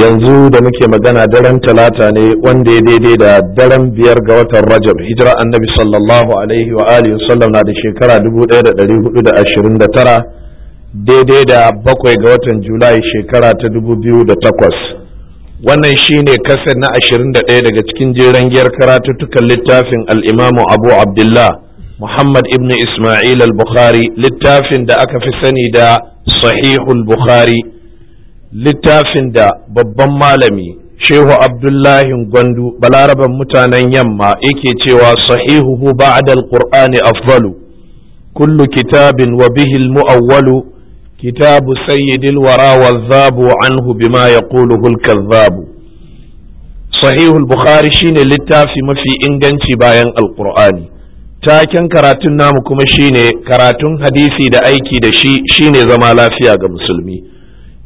yanzu da muke magana daren talata ne wanda ya daidai da daren biyar ga watan rajab hijira annabi sallallahu alaihi wa alihi wasallam na da shekara 1429 daidai da bakwai ga watan julai shekara ta 2008 wannan shine kasar na 21 daga cikin jeren giyar karatuttukan littafin al'imamu abu abdullah muhammad ibn ismail al-bukhari littafin da aka fi sani da sahihul bukhari littafin da babban malami shehu abdullahi gwandu balaraban mutanen yamma yake cewa sahihuhu ba'da alqur'ani afdalu kullu kitabin wa bihi almu'awwalu kitabu sayyidil wara wadhabu anhu bima yaquluhu alkadhabu sahihu al-bukhari shine littafi mafi inganci bayan alqur'ani taken karatun namu kuma shine karatun hadisi da aiki da shi shine zama lafiya ga musulmi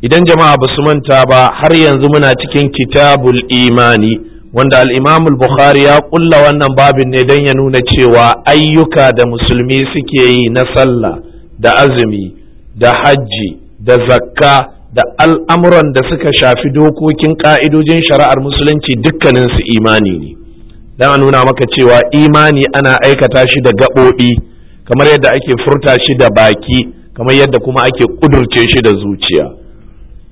idan jama'a ba su manta ba har yanzu muna cikin kitabul imani wanda al'imamul bukhari ya kulla wannan babin ne don ya nuna cewa ayyuka da musulmi suke yi na sallah da azumi da hajji da zakka da al'amuran da suka shafi dokokin ƙa'idojin shari'ar musulunci dukkaninsu imani ne don a nuna maka cewa imani ana aikata shi da gaɓoɓi kamar yadda ake furta shi da baki kamar yadda kuma ake ƙudurce shi da zuciya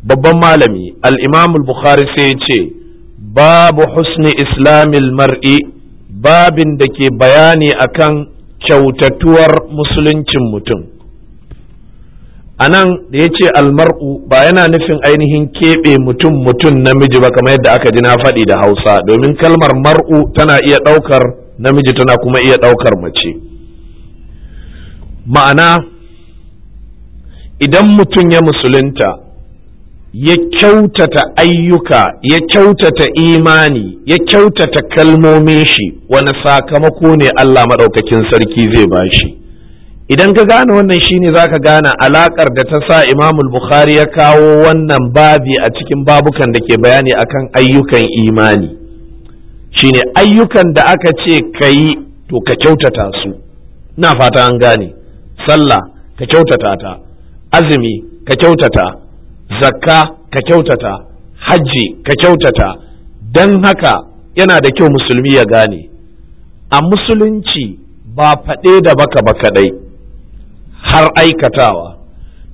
babban malami al-imam bukhari sai ce babu husni islamil mar'i babin da ke bayani akan kyautatuwar musuluncin mutum a nan da ya ce almar'u ba yana nufin ainihin keɓe mutum mutum namiji ba kamar yadda aka ji na faɗi da hausa domin kalmar mar'u tana iya ɗaukar namiji tana kuma iya ɗaukar mace ma'ana idan mutum ya musulunta ya kyautata ayyuka ya kyautata imani ya kyautata kalmomin shi wani sakamako ne Allah maɗaukakin sarki zai ba shi? idan ka gane wannan shine ka gane alaƙar da ta sa Imamul Bukhari ya kawo wannan babi a cikin babukan da ke bayani akan ayyukan imani shine ayyukan da aka ce ka yi to ka kyautata su na fata an gane sallah ka kyautata ta azumi ka kyautata zakka ka kyautata hajji ka kyautata don haka yana da kyau musulmi ya gane a musulunci ba faɗe da baka ba kaɗai har aikatawa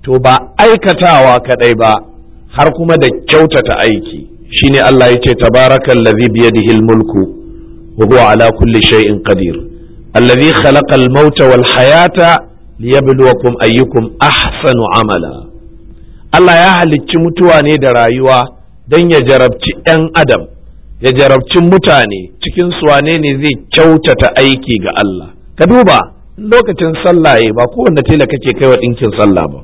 to ba aikatawa kaɗai ba har kuma da kyautata aiki shine Allah ya ce tabarakan lazi biyadihi mulku wa huwa ala kulli shay'in qadir allazi khalaqa al-mauta wal hayata liyabluwakum ayyukum ahsanu amala Allah ya halicci mutuwa ne da rayuwa don ya jarabci 'yan adam ya jarabci mutane cikin wane ne zai kyautata aiki ga Allah ka duba lokacin sallah ba kowanne tela kake kaiwa ɗinkin sallah ba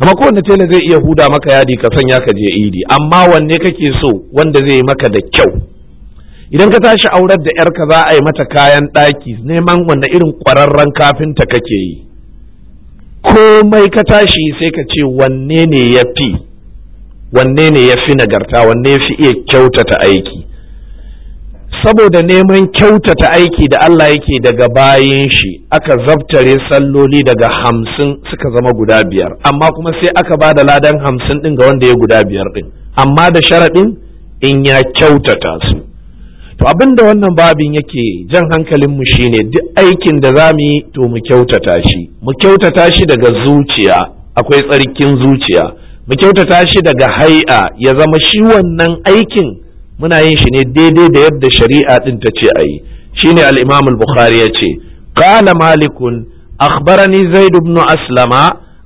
amma kowanne tela zai iya huda maka yadi ka sanya ka je idi amma wanne kake so wanda zai yi maka da kyau idan ka tashi aurar da 'yarka za a yi mata kayan ɗaki neman wanda irin ƙwararren kafinta kake yi komai ka tashi sai ka ce wanne ne ya fi wanne ne ya fi nagarta wanne ya fi iya kyautata aiki saboda neman kyautata aiki da Allah yake daga bayan shi aka zabtare salloli daga hamsin suka zama guda biyar amma kuma sai aka ba da ladan hamsin ɗin ga wanda ya guda biyar ɗin amma da sharaɗin in ya kyautata su to abinda wannan babin yake jan hankalinmu shine duk aikin da za mu yi to mu kyautata shi mu kyautata shi daga zuciya akwai tsarkin zuciya mu kyautata shi daga hai'a ya zama shi wannan aikin muna yin shi ne daidai da yadda shari'a din ta ce a yi shine al-imam al-bukhari ya ce qala malikun akhbarani zaid ibn aslama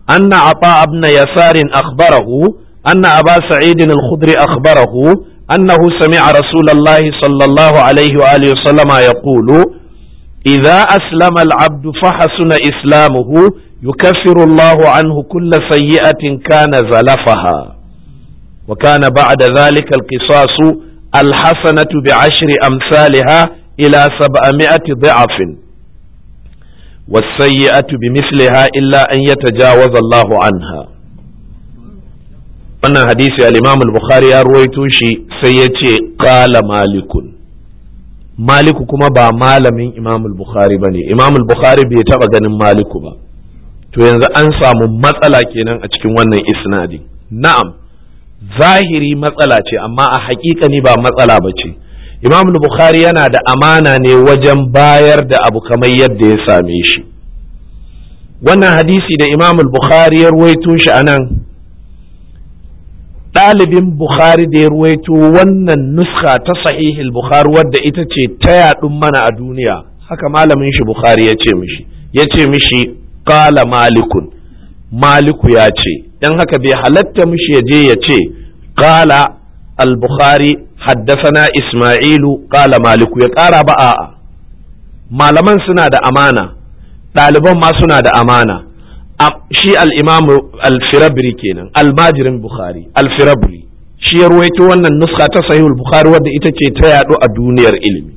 anna ata ibn yasarin akhbarahu anna aba sa'id al-khudri akhbarahu أنه سمع رسول الله صلى الله عليه وآله وسلم يقول إذا أسلم العبد فحسن إسلامه يكفر الله عنه كل سيئة كان زلفها وكان بعد ذلك القصاص الحسنة بعشر أمثالها إلى سبعمائة ضعف والسيئة بمثلها إلا أن يتجاوز الله عنها wannan hadisi al-imam al-bukhari ya ruwaito shi sai ya ce qala malikun maliku kuma ba malamin imam al-bukhari bane imam al-bukhari bai taba ganin maliku ba to yanzu an samu matsala kenan a cikin wannan isnadi na'am zahiri matsala ce amma a hakika ni ba matsala ba ce imam al-bukhari yana da amana ne wajen bayar da abu kamar yadda ya same shi wannan hadisi da imam al-bukhari ya ruwaito shi anan ɗalibin bukhari da ya ruwaito wannan nuska ta sahihil bukhari wadda ita ce ta yaɗun mana a duniya haka malamin shi bukhari ya ce mishi ya ce mishi kala malikun maliku ya ce dan haka bai halatta mishi ya je ya ce kala al-bukhari haddasana ismailu kala maliku ya ƙara ba a'a malaman suna da amana ɗaliban ma suna da amana shi al al-firabri kenan al-majirin bukhari al-firabri shi ya ruwaito wannan nuska ta sahihul bukhari wadda ita ce ta yaɗu a duniyar ilimi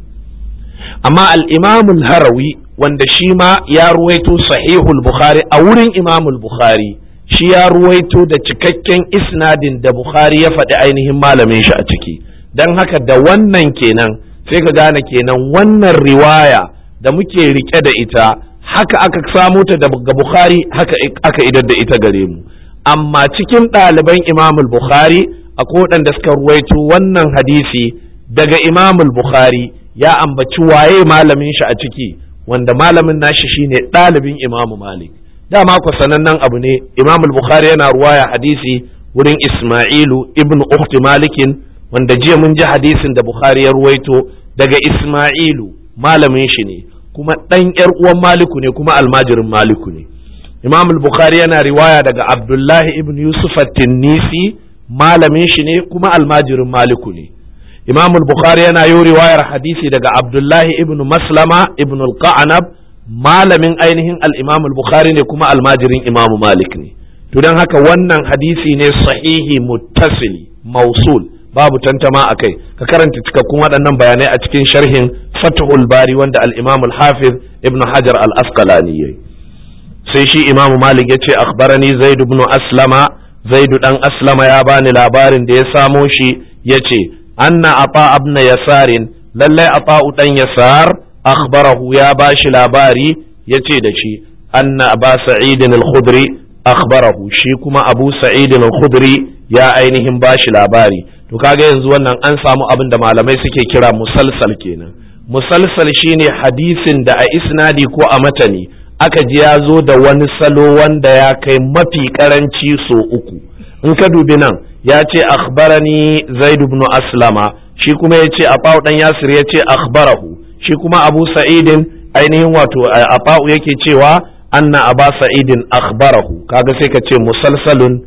amma al-imamu harawi wanda shi ma ya ruwaito sahihul bukhari a wurin imamul bukhari shi ya ruwaito da cikakken isnadin da bukhari ya faɗi ainihin malamin shi a ciki dan haka da wannan kenan sai ka gane kenan wannan riwaya da muke rike da ita haka aka samu ta daga bukhari haka aka idar da ita gare mu amma cikin ɗaliban imamul bukhari akwai waɗanda suka ruwaito wannan hadisi daga imamul bukhari ya ambaci waye malamin shi a ciki wanda malamin nashi shine ɗalibin imamu malik dama ku sanannen abu ne imamul bukhari yana ruwaya hadisi wurin isma'ilu ibn ukhti malikin wanda jiya mun ji hadisin da bukhari ya ruwaito daga isma'ilu malamin shi ne kuma ɗan ‘yar uwan maliku ne kuma almajirin maliku ne imam bukhari yana riwaya daga abdullahi ibn yusuf tinnisi malamin shi ne kuma almajirin maliku ne imam bukhari yana yi riwayar hadisi daga abdullahi ibn maslama ibn al qanab malamin ainihin al-imam bukhari ne kuma almajirin imamu malik ne to don haka wannan hadisi ne sahihi muttasili mausul babu tantama a kai ka karanta cikakkun waɗannan bayanai a cikin sharhin fathul bari wanda al-imam hafiz ibn hajar al-asqalani yayi sai shi imamu malik yace akhbarani zaid ibn aslama zaid ɗan aslama ya bani labarin da ya samo shi yace anna ata ibn yasarin lallai ata dan yasar akhbarahu ya bashi labari yace da shi anna aba sa'id al-khudri shi kuma abu sa'id al ya ainihin bashi labari to kaga yanzu wannan an samu abin da malamai suke kira musalsal kenan musalsal shine hadisin da a isnadi ko a matani aka ji ya zo da wani salo wanda ya kai mafi karanci so uku in ka dubi nan ya ce akhbarani zaid ibn aslama shi kuma ya ce afa'u dan yasir ya ce akhbarahu shi kuma abu sa'idin ainihin wato afa'u yake cewa anna aba sa'idin akhbarahu kaga sai ka ce musalsalun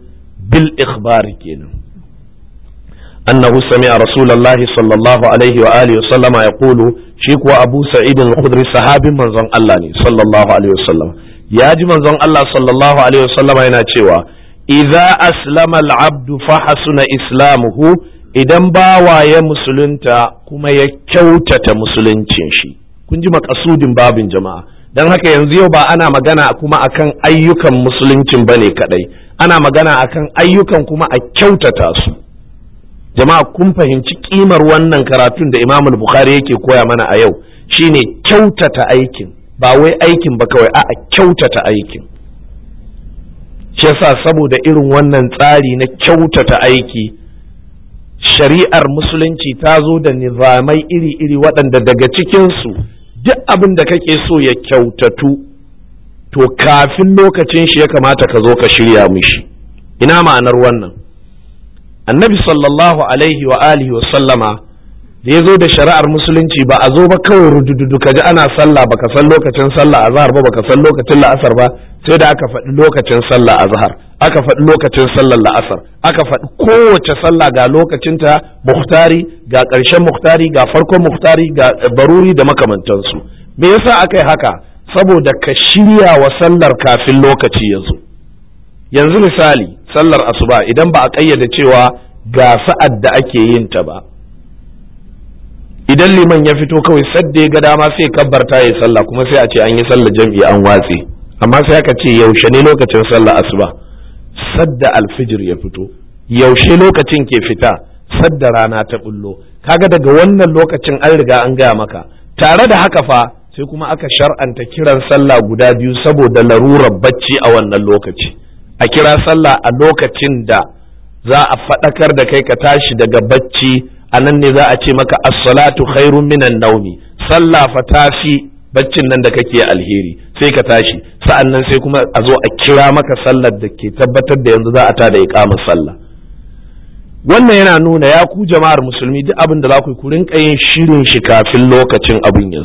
bil ikhbari kenan annahu sami'a rasulullahi sallallahu alaihi wa alihi wasallama yaqulu shi kuwa abu sa'id al-khudri sahabin manzon Allah ne sallallahu alaihi wasallam ya ji manzon Allah sallallahu alaihi wasallama yana cewa idza aslama al-abdu fa hasuna islamuhu idan bawa ya musulunta kuma ya kyautata musuluncin shi kun ji makasudin babin jama'a don haka yanzu yau ba ana magana kuma akan ayyukan musuluncin ne kaɗai. ana magana akan ayyukan kuma a kyautata su jama'a kun fahimci kimar wannan karatun da imam bukhari yake koya mana a yau shine kyautata aikin ba wai aikin ba kawai a'a kyautata aikin shi yasa saboda irin wannan tsari na kyautata aiki shari'ar musulunci ta zo da nizamai iri-iri waɗanda daga cikinsu duk abin da kake so ya kyautatu to kafin lokacin shi ya kamata ka zo ka shirya mishi ina ma'anar wannan annabi sallallahu alaihi wa alihi wa sallama da ya zo da shari'ar musulunci ba a zo ba kawai rududu ka ji ana sallah baka san lokacin sallah azhar ba baka san lokacin la'asar ba sai da aka faɗi lokacin sallah azhar aka faɗi lokacin sallar la'asar aka faɗi kowace sallah ga lokacinta muhtari ga ƙarshen muhtari ga farkon muhtari ga baruri da makamantansu me yasa aka yi haka saboda ka shirya wa sallar kafin lokaci ya zo yanzu misali sallar asuba idan ba a ƙayyade cewa ga sa'ad da ake yin ta ba idan liman ya fito kawai sadda ya ga dama sai kabbarta ya salla. kuma sai a ce an yi sallar jam'i an watse amma sai aka ce yaushe ne lokacin sallar asuba sadda alfijir ya fito yaushe lokacin ke fita sadda rana ta bullo kaga daga wannan lokacin an riga an gaya maka tare da haka fa sai kuma aka shar'anta kiran sallah guda biyu saboda larurar bacci a wannan lokaci a kira sallah a lokacin da za a faɗakar da kai ka tashi daga bacci a nan ne za a ce maka as-salatu khairun minan naumi sallah fa tafi baccin nan da kake alheri sai ka tashi sa'an nan sai kuma a zo a kira maka sallar da ke tabbatar da yanzu za a ta tada iqamar sallah wannan yana nuna ya ku jama'ar musulmi duk abin da za ku yi ku rinka yin shirin shi kafin lokacin abin ya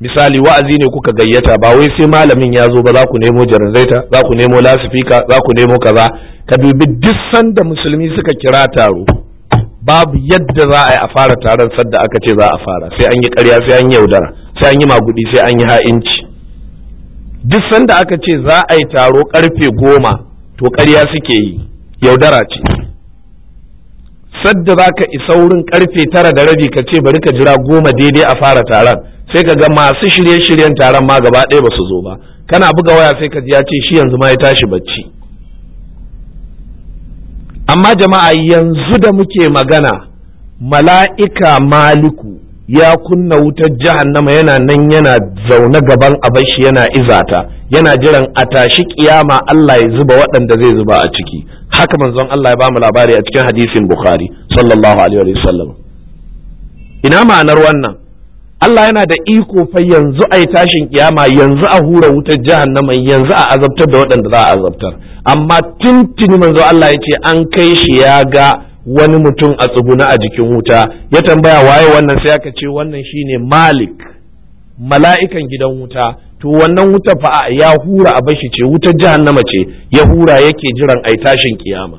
misali wa'azi ne kuka gayyata ba wai sai malamin ya zo ba za ku nemo jaranzaita za ku nemo lasifika za ku nemo kaza ka dubi duk sanda musulmi suka kira taro babu yadda za a yi a fara taron sadda aka ce za a fara sai an yi ƙarya sai an yi yaudara sai an yi magudi sai an yi ha'inci duk sanda aka ce za a yi taro karfe goma to ƙarya suke yi yaudara ce sadda za ka isa wurin karfe tara da rabi ka ce bari ka jira goma daidai a fara taron sai ka ga masu shirye-shiryen taron ma gaba ɗaya ba su zo ba kana buga waya sai ka ji ya ce shi yanzu ma ya tashi bacci amma jama'a yanzu da muke magana mala'ika maliku ya kunna wutar jahannama yana nan yana zaune gaban abashi yana izata yana jiran a tashi kiyama Allah ya zuba waɗanda zai zuba a ciki haka manzon Allah ya ba mu labari a cikin hadisin Bukhari sallallahu alaihi wa ina ma'anar wannan Allah yana da iko fa yanzu a tashin kiyama yanzu a hura wutar jahannama yanzu a azabtar da waɗanda za a azabtar amma tuntuni manzo Allah ya ce an kai shi ya ga wani mutum a tsuguna a jikin wuta ya tambaya waye wannan sai aka ce wannan shine Malik mala'ikan gidan wuta to wannan wuta fa ya hura a bashi ce wutar jahannama ce ya hura yake jiran ayi tashin kiyama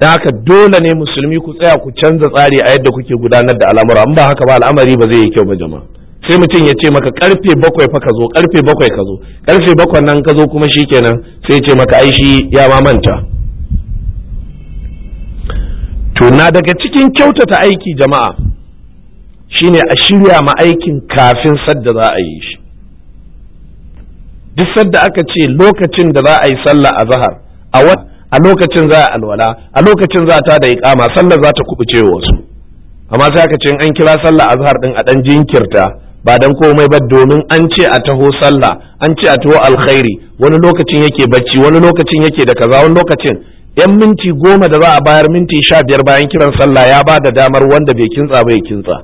Da haka dole ne musulmi ku tsaya ku canza tsari a yadda kuke gudanar da al'amura in ba haka ba al'amari ba zai yi kyau ba jama'a sai mutum ya ce maka karfe bakwai fa ka zo karfe bakwai ka zo karfe bakwai nan ka zo kuma shikenan sai ce maka ai shi ya ma manta to na daga cikin kyautata aiki jama'a shine a shirya ma aikin kafin sadda za a yi shi duk sadda aka ce lokacin da za a yi sallah a zahar a wata a lokacin za a alwala a lokacin za ta da ikama, sallar za ta kubuce wasu amma sai aka ce an kira sallar azhar din a dan jinkirta ba dan komai ba domin an ce a taho sallah an ce a taho alkhairi wani lokacin yake bacci wani lokacin yake da kaza wani lokacin yan minti goma da za a bayar minti sha biyar bayan kiran sallah ya ba da damar wanda bai kintsa bai kintsa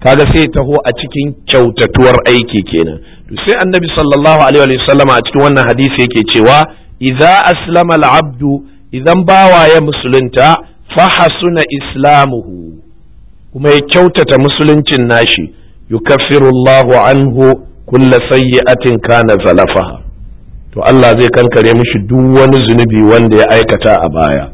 kaga sai taho a cikin kyautatuwar aiki kenan to sai annabi sallallahu alaihi wa sallama a cikin wannan hadisi yake cewa Iza aslama al'abdu abdu idan bawa ya musulunta fahasuna islamuhu kuma ya kyautata musuluncin nashi yukafirullahu anhu kulla sayyi'atin kana zalafaha to Allah zai kankare mishi duk wani zunubi wanda ya aikata a baya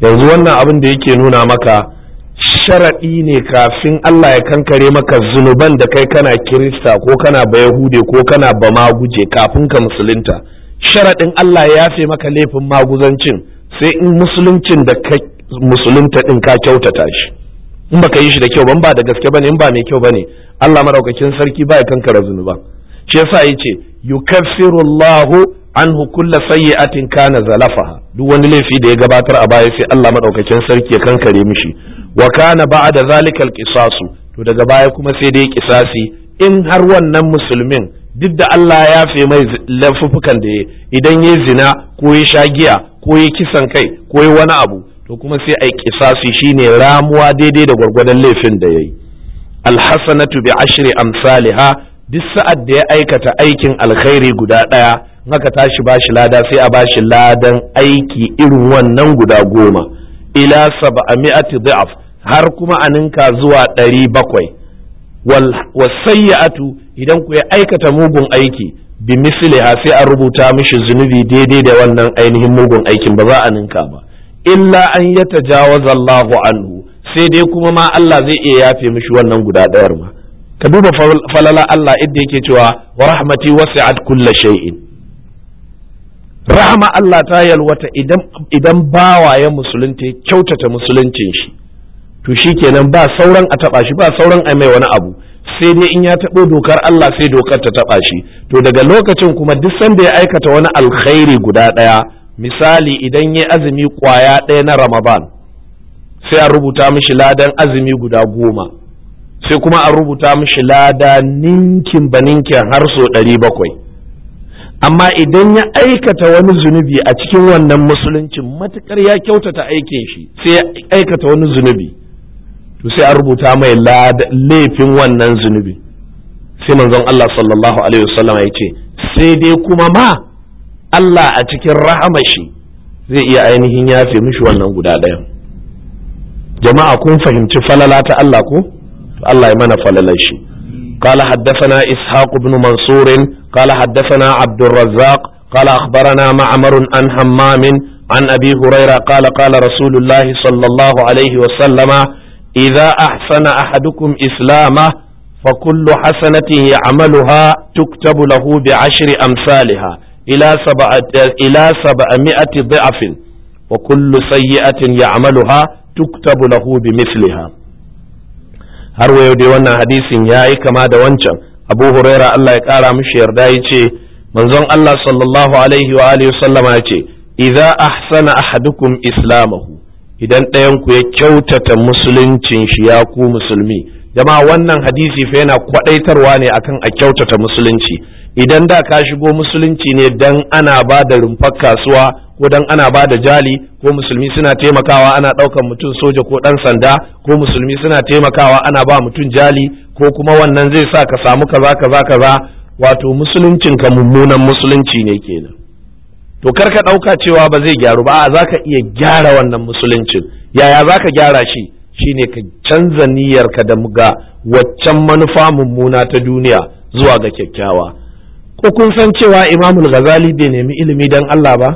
yanzu wannan abin da yake nuna maka sharaɗi ne kafin Allah ya kankare maka zunuban da kai kana kirista ko kana bayahude ko kana bama guje kafin ka musulunta sharaɗin Allah ya yafe maka laifin maguzancin sai in musuluncin da ka musulunta ɗin ka kyautata shi in baka yi shi da kyau ban ba da gaske bane in ba mai kyau bane Allah maraukakin sarki ba ya kankara zunuba shi yasa yace yukaffiru Allahu anhu kulla sayyi'atin kana zalafaha duk wani laifi da ya gabatar a baya sai Allah maɗaukacin sarki ya kankare mishi wa kana da zalikal qisasu to daga baya kuma sai dai kisasi in har wannan musulmin duk da Allah ya fi mai laifuffukan da ya idan ya zina ko ya sha giya ko ya kisan kai ko ya wani abu to kuma sai a yi shi shine ramuwa daidai da gwargwadon laifin da ya yi alhassanatu bi ashri amsaliha duk sa'ad da ya aikata aikin alkhairi guda ɗaya haka tashi ba shi lada sai a ba shi ladan aiki irin wannan guda goma ila sab'ami'ati dha'af har kuma a ninka zuwa ɗari bakwai wasayyatu idan ku ya aikata mugun aiki bi misliha sai an rubuta mishi zunubi daidai da wannan ainihin mugun aikin ba za a ninka ba illa an ya tajawaza Allahu anhu sai dai kuma ma Allah zai iya yafe mishi wannan guda ɗayar ma ka duba falala Allah idda yake cewa wa rahmati wasi'at kulla shay'in rahama Allah ta yalwata idan idan bawa ya musulunta kyautata musuluncin shi to shikenan ba sauran a taba shi ba sauran a mai wani abu sai dai in ya taɓo dokar Allah sai dokar ta taɓa shi to daga lokacin kuma duk sanda ya aikata wani alkhairi guda ɗaya misali idan ya azumi ƙwaya ɗaya na ramadan sai a rubuta mishi ladan azumi guda goma sai kuma a rubuta mishi lada ninkin ba ninkin har so ɗari bakwai amma idan ya aikata wani zunubi a cikin wannan musuluncin matuƙar ya kyautata aikin shi sai ya aikata wani zunubi to sai an rubuta mai laifin wannan zunubi sai manzon Allah sallallahu alaihi wasallam ya ce sai dai kuma ma Allah a cikin rahamashi zai iya ainihin yafe mishi wannan guda ɗayan jama'a kun fahimci falala ta Allah ko Allah ya mana falalar shi قال حدثنا إسحاق بن منصور قال حدثنا عبد الرزاق قال أخبرنا معمر عن همام عن أبي هريرة قال قال رسول الله صلى الله عليه وسلم idza ahsana ahadukum islama fa kullu hasanatihi amaluha tuktabu lahu bi ashri amsalha ila sab'ati ila sab'ati dha'fin wa kullu sayyi'atin ya'maluha tuktabu lahu bi misliha har wayo dai wannan hadisin ya yayi kama da wancan Abu Huraira Allah ya kara mishi yarda yace manzon Allah sallallahu alaihi wa alihi sallama yace idza ahsana ahadukum islamahu idan ɗayan ku ya kyautata musuluncin shi ya ku musulmi jama'a wannan hadisi fa yana kwadaitarwa ne akan a kyautata musulunci idan da ka shigo musulunci ne dan ana ba da rumfar kasuwa ko dan ana ba da jali ko musulmi suna taimakawa ana ɗaukan mutum soja ko ɗan sanda ko musulmi suna taimakawa ana ba mutum jali ko kuma wannan zai sa ka samu kaza kaza kaza wato musuluncinka mummunan musulunci ne kenan to kar ka ɗauka cewa ba zai gyaru ba a za ka iya gyara wannan musuluncin yaya za ka gyara shi shine ka canza ka da muga waccan manufa mummuna ta duniya zuwa ga kyakkyawa ko kun san cewa imamul ghazali bai nemi ilimi don Allah ba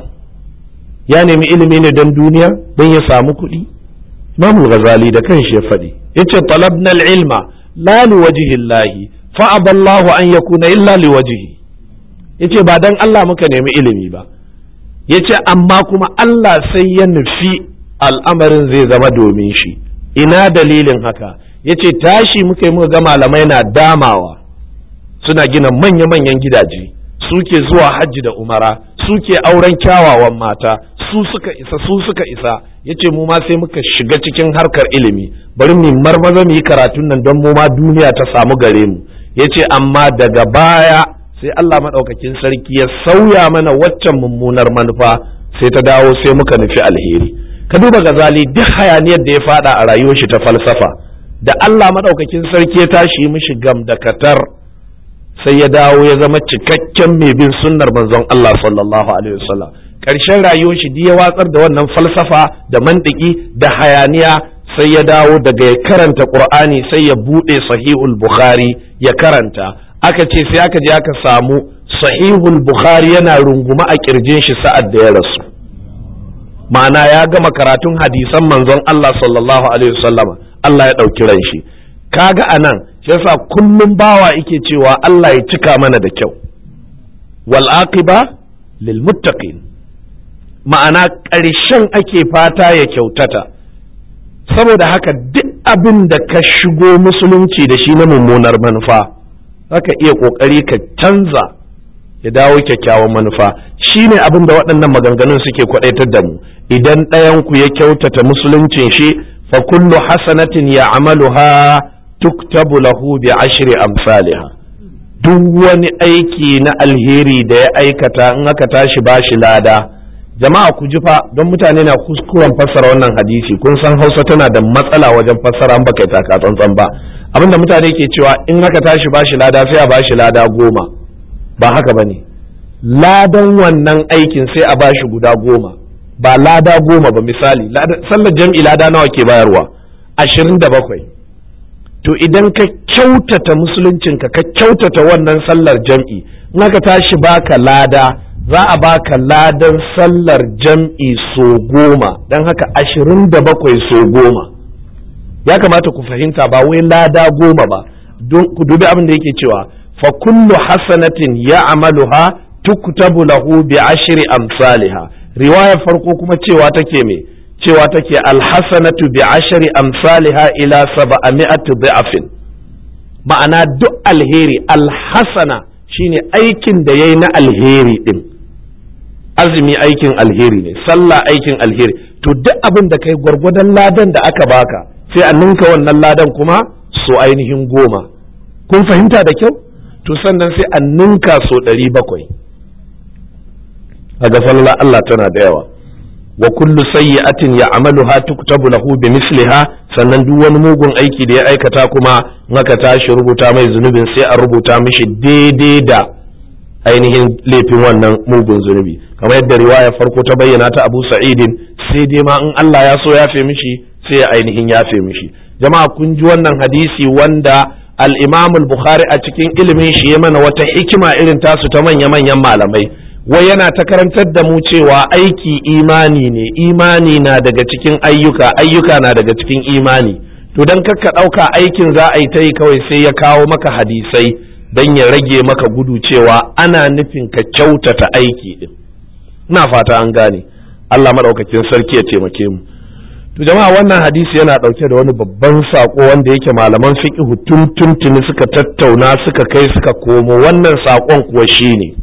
ya nemi ilimi ne don duniya don ya samu kuɗi imamul ghazali da kanshi ya faɗi yace talabna ilma la liwajhi fa aballahu an yakuna illa liwajhi yace ba dan Allah muka nemi ilimi ba ya ce amma kuma Allah sai ya nufi al'amarin zai zama domin shi ina dalilin haka ya ce tashi muka yi muka ga malamai na damawa suna gina manya-manyan gidaje suke zuwa hajji da umara suke auren kyawawan mata su suka isa su suka isa ya ce mu ma sai muka shiga cikin harkar ilimi bari mu marmaza mu yi karatun nan don mu ma duniya ta samu gare mu ya ce amma daga baya sai Allah maɗaukakin sarki ya sauya mana waccan mummunar manufa sai ta dawo sai muka nufi alheri ka duba ga zali duk hayaniyar da ya faɗa a rayuwar shi ta falsafa da Allah maɗaukakin sarki ya tashi mishi gam da katar sai ya dawo ya zama cikakken mai bin sunnar manzon Allah sallallahu alaihi wasallam ƙarshen rayuwar shi ya watsar da wannan falsafa da mantiki da hayaniya sai ya dawo daga ya karanta ƙur'ani sai ya buɗe sahihul bukhari ya karanta aka ce sai aka je aka samu sahihul bukhari yana runguma a kirjin shi sa'ad da ya rasu ma'ana ya gama karatun hadisan manzon Allah sallallahu alaihi wasallama Allah ya ɗauki ran shi kaga anan shi yasa kullum bawa yake cewa Allah ya cika mana da kyau wal aqiba lil muttaqin ma'ana ƙarshen ake fata ya kyautata saboda haka duk abin da ka shigo musulunci da shi na mummunar manufa zaka iya kokari ka canza ya dawo kyakkyawan manufa shine abin da waɗannan maganganun suke kwaɗaitar da mu idan ɗayan ku ya kyautata musuluncin shi fa kullu hasanatin ya amaluha tuktabu lahu bi ashri amsaliha duk wani aiki na alheri da ya aikata in aka tashi ba shi lada jama'a ku ji fa don mutane na kuskuren fassara wannan hadisi kun san hausa tana da matsala wajen fassara an baka ta tsantsan ba abinda mutane ke cewa in aka tashi bashi lada sai a bashi lada goma ba haka ba ne. ladan wannan aikin sai a bashi guda goma ba lada goma ba misali sallar jam'i lada nawa ke bayarwa ashirin da bakwai to idan ka kyautata musuluncinka ka kyautata wannan sallar jam'i in aka tashi baka lada za a baka ladan sallar jam'i so goma don haka ashirin da bakwai so goma ya kamata ku fahimta ba wai lada goma ba ku dubi abin da yake cewa fa kullu hasanatin ya'maluha tuktabu lahu bi ashri amsalha riwaya farko kuma cewa take me cewa take alhasanatu bi ashri amsalha ila sab'ami'ati bi'afin ma'ana duk alheri alhasana shine aikin da yayi na alheri din azumi aikin alheri ne sallah aikin alheri to duk abin da kai gwargwadon ladan da aka baka sai a ninka wannan ladan kuma so ainihin goma kun fahimta da kyau to sannan sai a ninka so ɗari bakwai a falala Allah tana da yawa wa kullu sayyi'atin ya'maluha tuktabu lahu bi misliha sannan duk wani mugun aiki da ya aikata kuma maka tashi rubuta mai zunubin sai a rubuta mishi daidai da ainihin laifin wannan mugun zunubi kamar yadda riwaya farko ta bayyana ta Abu Sa'idin sai dai ma in Allah ya so ya fe mishi sai ya ainihin yafe mishi jama'a kun ji wannan hadisi wanda al-Imam al-Bukhari a cikin ilimin shi ya mana wata hikima irin tasu ta manya-manyan malamai wai yana ta karantar da mu cewa aiki imani ne imani na daga cikin ayyuka ayyuka na daga cikin imani to dan kakka ɗauka aikin za a yi ta yi kawai sai ya kawo maka hadisai don ya rage maka gudu cewa ana nufin ka kyautata aiki din ina fata an gane Allah madaukakin sarki ya taimake mu to jama'a wannan hadisi yana ɗauke da wani babban sako wanda yake malaman fiqh tun tuntuni suka tattauna suka kai suka komo wannan sakon kuwa shine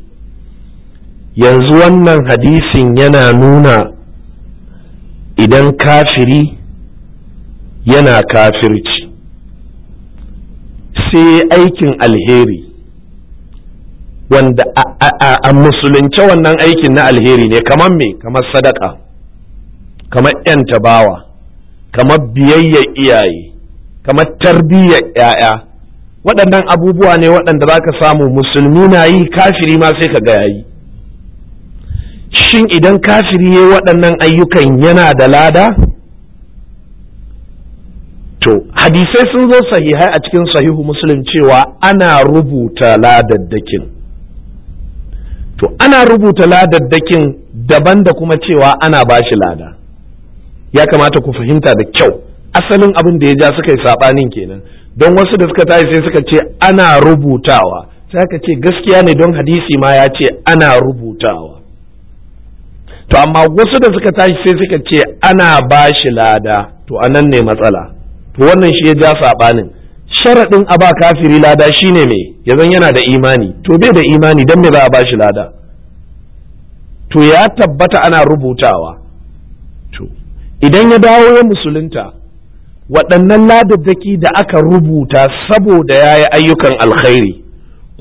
yanzu wannan hadisin yana nuna idan kafiri yana kafirci sai aikin alheri wanda a musulunce wannan aikin na alheri ne kamar me kamar sadaka kamar 'yan tabawa kamar biyayya iyaye kamar tarbiyyar 'ya'ya waɗannan abubuwa ne waɗanda za ka samu musulmi na yi kafiri ma sai ka ga yayi shin idan kafiri ya waɗannan ayyukan yana da lada to hadisai sun zo sahihai a cikin sahihu muslim cewa ana rubuta ladaddakin to ana rubuta ladaddakin daban da kuma cewa ana bashi shi lada ya kamata ku fahimta da kyau asalin abin da ya ja suka yi sabanin kenan don wasu da suka tashi sai suka ce ana rubutawa sai aka ce gaskiya ne don hadisi ma ya ce ana rubutawa to amma wasu da suka tashi sai suka ce ana ba shi lada to anan ne matsala to wannan shi ya ja sabanin sharaɗin a ba kafiri lada shine me yazan yana da imani to bai da imani don me ba a ba shi lada to ya tabbata ana rubutawa idan ya dawo ya musulunta waɗannan ladaddaki da aka rubuta saboda ya yi ayyukan alkhairi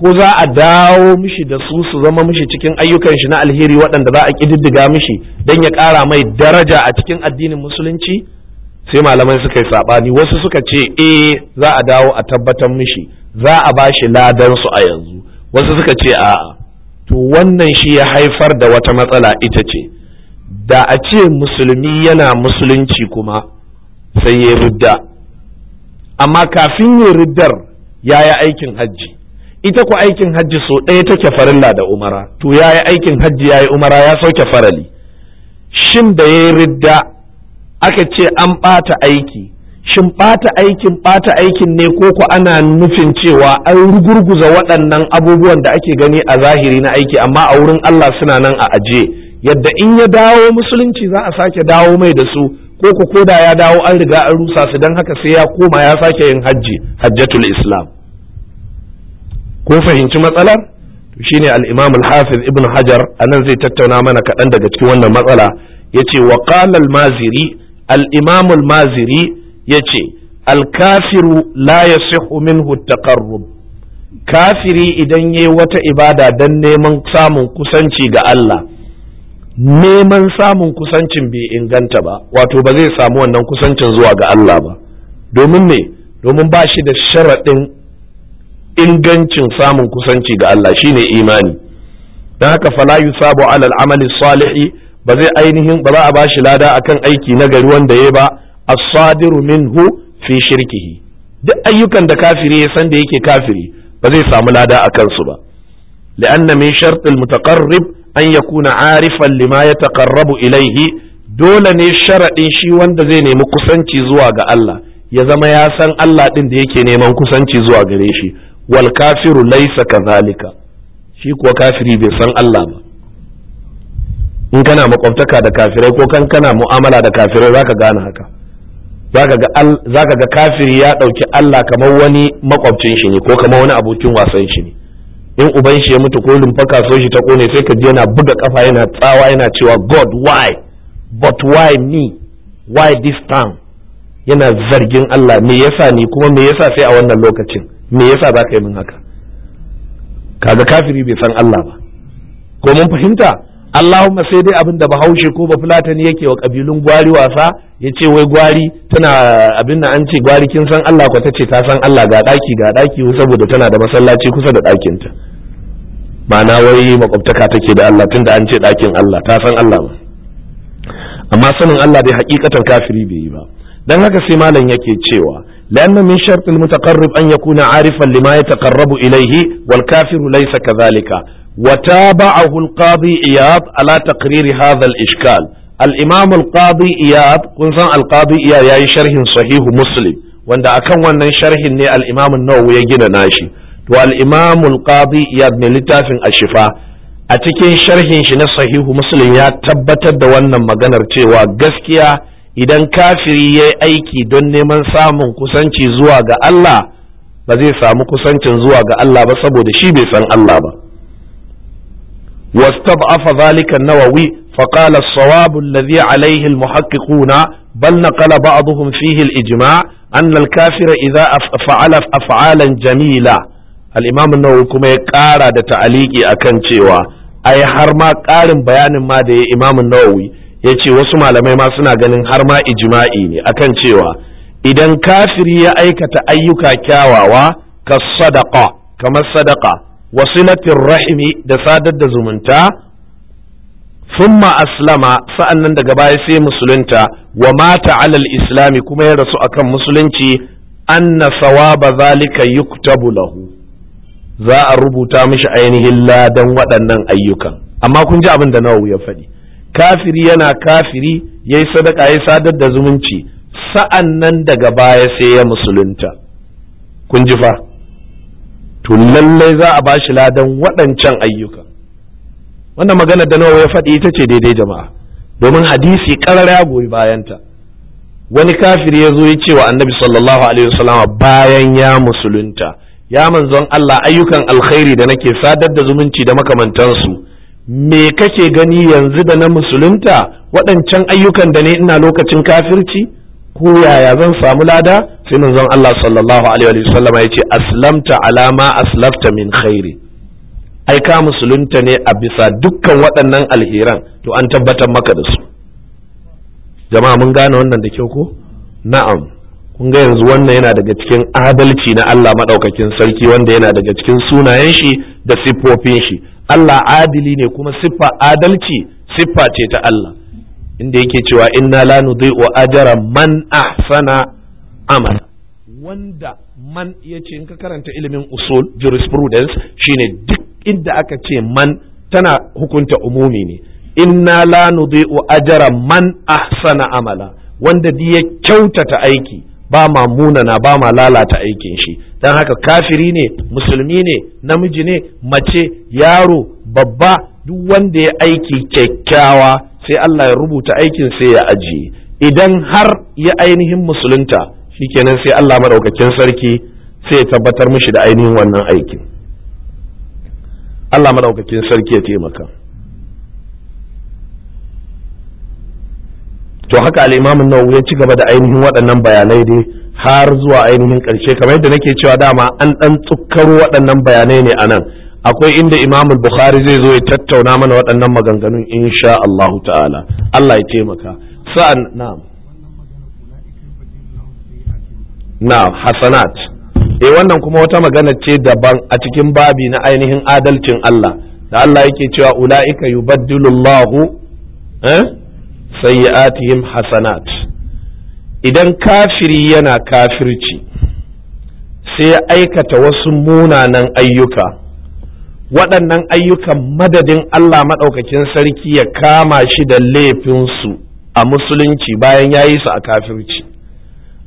ko za a dawo mishi da su su zama mishi cikin ayyukan shi na alheri waɗanda za a ƙididdiga mishi don ya ƙara mai daraja a cikin addinin musulunci sai malamai suka yi saɓani wasu suka ce eh za a dawo a tabbatar mishi za a ba shi ladansu a yanzu wasu suka ce a'a to wannan shi ya haifar da wata matsala ita ce da a ce musulmi yana musulunci kuma sai ya rudda amma kafin ya ruddar ya yi aikin hajji ita ku aikin hajji so ɗaya take farilla da umara to ya yi aikin hajji ya yi umara ya sauke farali shin da ya yi ridda aka ce an ɓata aiki shin ɓata aikin ɓata aikin ne ko ku ana nufin cewa an rugurguza waɗannan abubuwan da ake gani a zahiri na aiki amma a wurin Allah suna nan a ajiye. yadda in ya dawo musulunci za a sake dawo mai da su ko ku koda ya dawo an riga an rusa su don haka sai ya koma ya sake yin hajji hajjatul islam kun fahimci matsalar shine al al-hafiz ibn hajar a nan zai tattauna mana kaɗan daga cikin wannan matsala yace wa qala maziri al al-maziri yace al-kafiru la yasihu minhu at-taqarrub kafiri idan yayi wata ibada dan neman samun kusanci ga Allah neman samun kusancin bai inganta ba wato ba zai samu wannan kusancin zuwa ga Allah ba domin ne, domin ba shi da sharaɗin ingancin samun kusanci ga Allah shine imani don haka fala yusabu alal amali salihi ba zai ainihin ba za a bashi lada akan aiki na gari wanda ya ba as-sadiru minhu fi shirkihi duk ayyukan da kafiri ya san da yake kafiri ba zai samu lada akan su ba li'anna min shartil mutaqarrib an yakuna arifan lima ya taqarrabu ilaihi dole ne sharaɗin shi wanda zai nemi kusanci zuwa ga Allah ya zama ya san Allah ɗin da yake neman kusanci zuwa gare shi wal kafiru laisa kazalika shi kuwa kafiri bai san Allah ba in kana makwabtaka da kafirai ko kan kana mu'amala da kafirai zaka gane haka zaka ga kafiri ya ɗauki Allah kamar wani makwabcin shi ne ko kamar wani abokin wasan shi ne in uban shi ya mutu ko lumfaka kaso shi ta kone sai ka ji yana buga kafa yana tsawa yana cewa god why but why me why this time yana zargin Allah me yasa ni kuma me yasa sai a wannan lokacin me yasa ba ka yi min haka kaga kafiri bai san Allah ba ko mun fahimta Allahumma sai dai abin da bahaushe ko ba fulatani yake wa kabilun gwari wasa ya ce wai gwari tana abin da an ce gwari kin san Allah ko ta ce ta san Allah ga daki ga daki saboda tana da masallaci kusa da ɗakinta ma'ana wai makwabtaka take da Allah tunda an ce ɗakin Allah ta san Allah ba amma sanin Allah dai hakikatan kafiri bai yi ba dan haka sai malam yake cewa لأن من شرط an أن يكون عارفا لما يتقرب إليه والكافر ليس كذلك وتابعه القاضي إياب على تقرير هذا الإشكال الإمام القاضي إياب كنت القاضي إياب يا شرح صحيح مسلم wanda akan wannan sharhin ne al'imamin nawa ya gina nashi to al-imam qadi iyad mai littafin ashifa a cikin sharhin shi na sahihu muslim ya tabbatar da wannan maganar cewa gaskiya idan kafiri ya aiki don neman samun kusanci zuwa ga Allah ba zai samu kusancin zuwa ga Allah ba saboda shi bai san Allah ba واستضعف ذلك النووي فقال الصواب الذي عليه المحققون بل نقل fihil فيه الإجماع أن الكافر إذا a أفعالا Jamila. al'imamun nawawi kuma ya ƙara da ta'aliki akan cewa ai har ma ƙarin bayanin ma da ya imamun nawawi ya ce wasu malamai ma suna ganin har ma ijima'i ne akan cewa idan kafiri ya aikata ayyuka kyawawa ka sadaka kamar sadaka wasilatin rahimi da sadar da zumunta summa aslama nan daga baya sai musulunta wa mata alal islami kuma ya rasu akan musulunci anna sawaba zalika yuktabu lahu za a rubuta mishi ainihin ladan waɗannan ayyukan amma kun ji abin da na ya faɗi kafiri yana kafiri ya yi sadaka ya sadar da zumunci sa'an nan daga baya sai ya musulunta kun ji fa to lallai za a bashi ladan waɗancan ayyukan, wannan magana da nawa ya faɗi ita ce daidai jama'a domin hadisi ya goyi bayanta wani kafiri ya zo ya ce wa annabi sallallahu alaihi wasallama bayan ya musulunta ya manzon Allah ayyukan alkhairi da nake sadar da zumunci da makamantansu me kake gani yanzu da na musulunta waɗancan ayyukan da ne ina lokacin kafirci ko yaya zan samu lada sai manzon Allah sallallahu alaihi wa sallama yace aslamta ala ma aslafta min khairi ai ka musulunta ne a bisa dukkan waɗannan alheran to an tabbatar maka da su jama'a mun gane wannan da kyau ko na'am kun ga yanzu wannan yana daga cikin adalci na Allah madaukakin sarki wanda yana daga cikin sunayen shi da siffofin shi Allah adili ne kuma siffa adalci siffa ce ta Allah inda yake cewa inna la nudhi'u ajra man ahsana amala wanda man yace in ka karanta ilimin usul jurisprudence shine duk inda aka ce man tana hukunta umumi ne inna la nudhi'u ajra man ahsana amala wanda ya kyautata aiki ba ma munana ba ma lalata aikin shi don haka kafiri ne musulmi ne namiji ne mace yaro babba duk wanda ya aiki kyakkyawa sai Allah ya rubuta aikin sai ya ajiye idan har ya ainihin musulunta shi kenan sai Allah madaukakin sarki sai ya tabbatar mishi da ainihin wannan aikin Allah madaukakin sarki ya taimaka to haka imamun nawawi ya ci gaba da ainihin waɗannan bayanai dai har zuwa ainihin ƙarshe kamar yadda nake cewa dama an ɗan tsukar waɗannan bayanai ne a nan akwai inda imamul bukhari zai zo ya tattauna mana waɗannan maganganun insha Allahu ta'ala Allah ya taimaka sa'an na'am na hasanat eh wannan kuma wata magana ce daban a cikin babi na ainihin adalcin Allah da Allah yake cewa ula'ika yubaddilullahu eh sayyi'atihim hasanat idan kafiri yana kafirci sai ya aikata wasu munanan ayyuka waɗannan ayyukan madadin Allah maɗaukakin sarki ya kama shi da laifinsu a musulunci bayan ya yi su a kafirci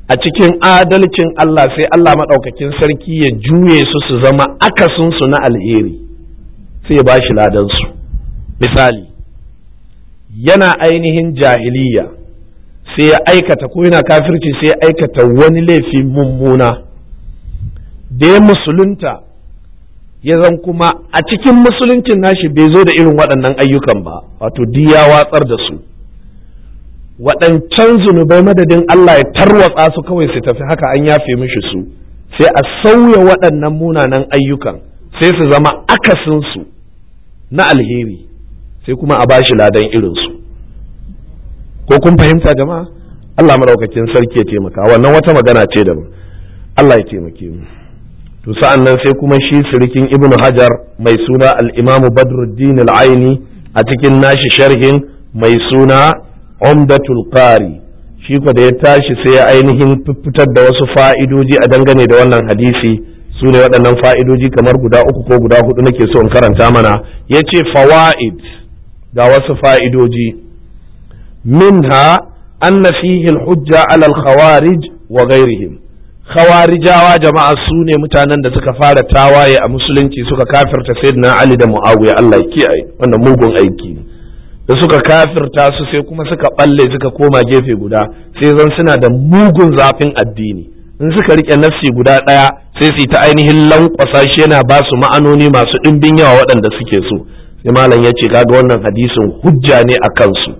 a cikin adalcin Allah sai Allah maɗaukakin sarki ya juye su su zama akasinsu na alheri sai ya ba shi ladansu misali yana ainihin jahiliya sai ya aikata ko yana kafirci sai ya aikata wani laifi mummuna da ya musulunta ya zan kuma a cikin musuluncin nashi bai zo da irin waɗannan ayyukan ba wato diya watsar da su waɗancan zunubai madadin Allah ya tarwatsa su kawai su tafi haka an yafe mishi su sai a sauya waɗannan munanan ayyukan sai su zama akasinsu na alheri sai kuma a bashi ladan irinsu ko kun fahimta jama'a Allah maɗaukakin sarki ya taimaka wannan wata magana ce da Allah ya taimake mu to sa'an sai kuma shi sirikin ibnu hajar mai suna al-imamu badruddin al-aini a cikin nashi sharhin mai suna umdatul qari shi ko da ya tashi sai ya ainihin fitar da wasu fa'idoji a dangane da wannan hadisi su ne waɗannan fa'idoji kamar guda uku ko guda hudu nake so in karanta mana ya ce fawa'id ga wasu fa'idoji minha anna fihi hujja alal khawarij wa gairihim. khawarijawa jama'a su ne mutanen da suka fara tawaye a musulunci suka kafirta sayyidina ali da muawiya Allah ki kiyaye wannan mugun aiki ne da suka kafirta su sai kuma suka balle suka koma gefe guda sai zan suna da mugun zafin addini in suka rike nafsi guda ɗaya sai su ta ainihin lankwasa shi yana ba su ma'anoni masu ɗimbin yawa waɗanda suke so sai malam ya ce kaga wannan hadisin hujja ne a kansu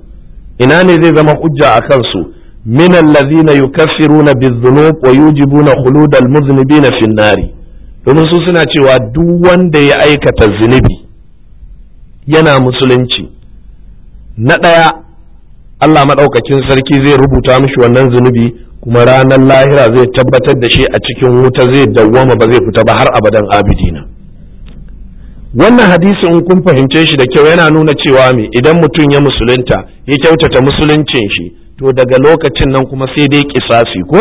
ina ne zai zama hujja a kansu min allazina yukaffiruna bizunub wa yujibuna khulud almuznibina fin nari domin su suna cewa duk wanda ya aikata zunubi yana musulunci na ɗaya Allah maɗaukacin sarki zai rubuta mishi wannan zunubi kuma ranar lahira zai tabbatar da shi a cikin wuta zai dawwama ba zai fita ba har abadan abidina wannan hadisin in kun fahimce shi da kyau yana nuna cewa me idan mutum ya musulunta ya kyautata musuluncin shi to daga lokacin nan kuma sai dai kisasi ko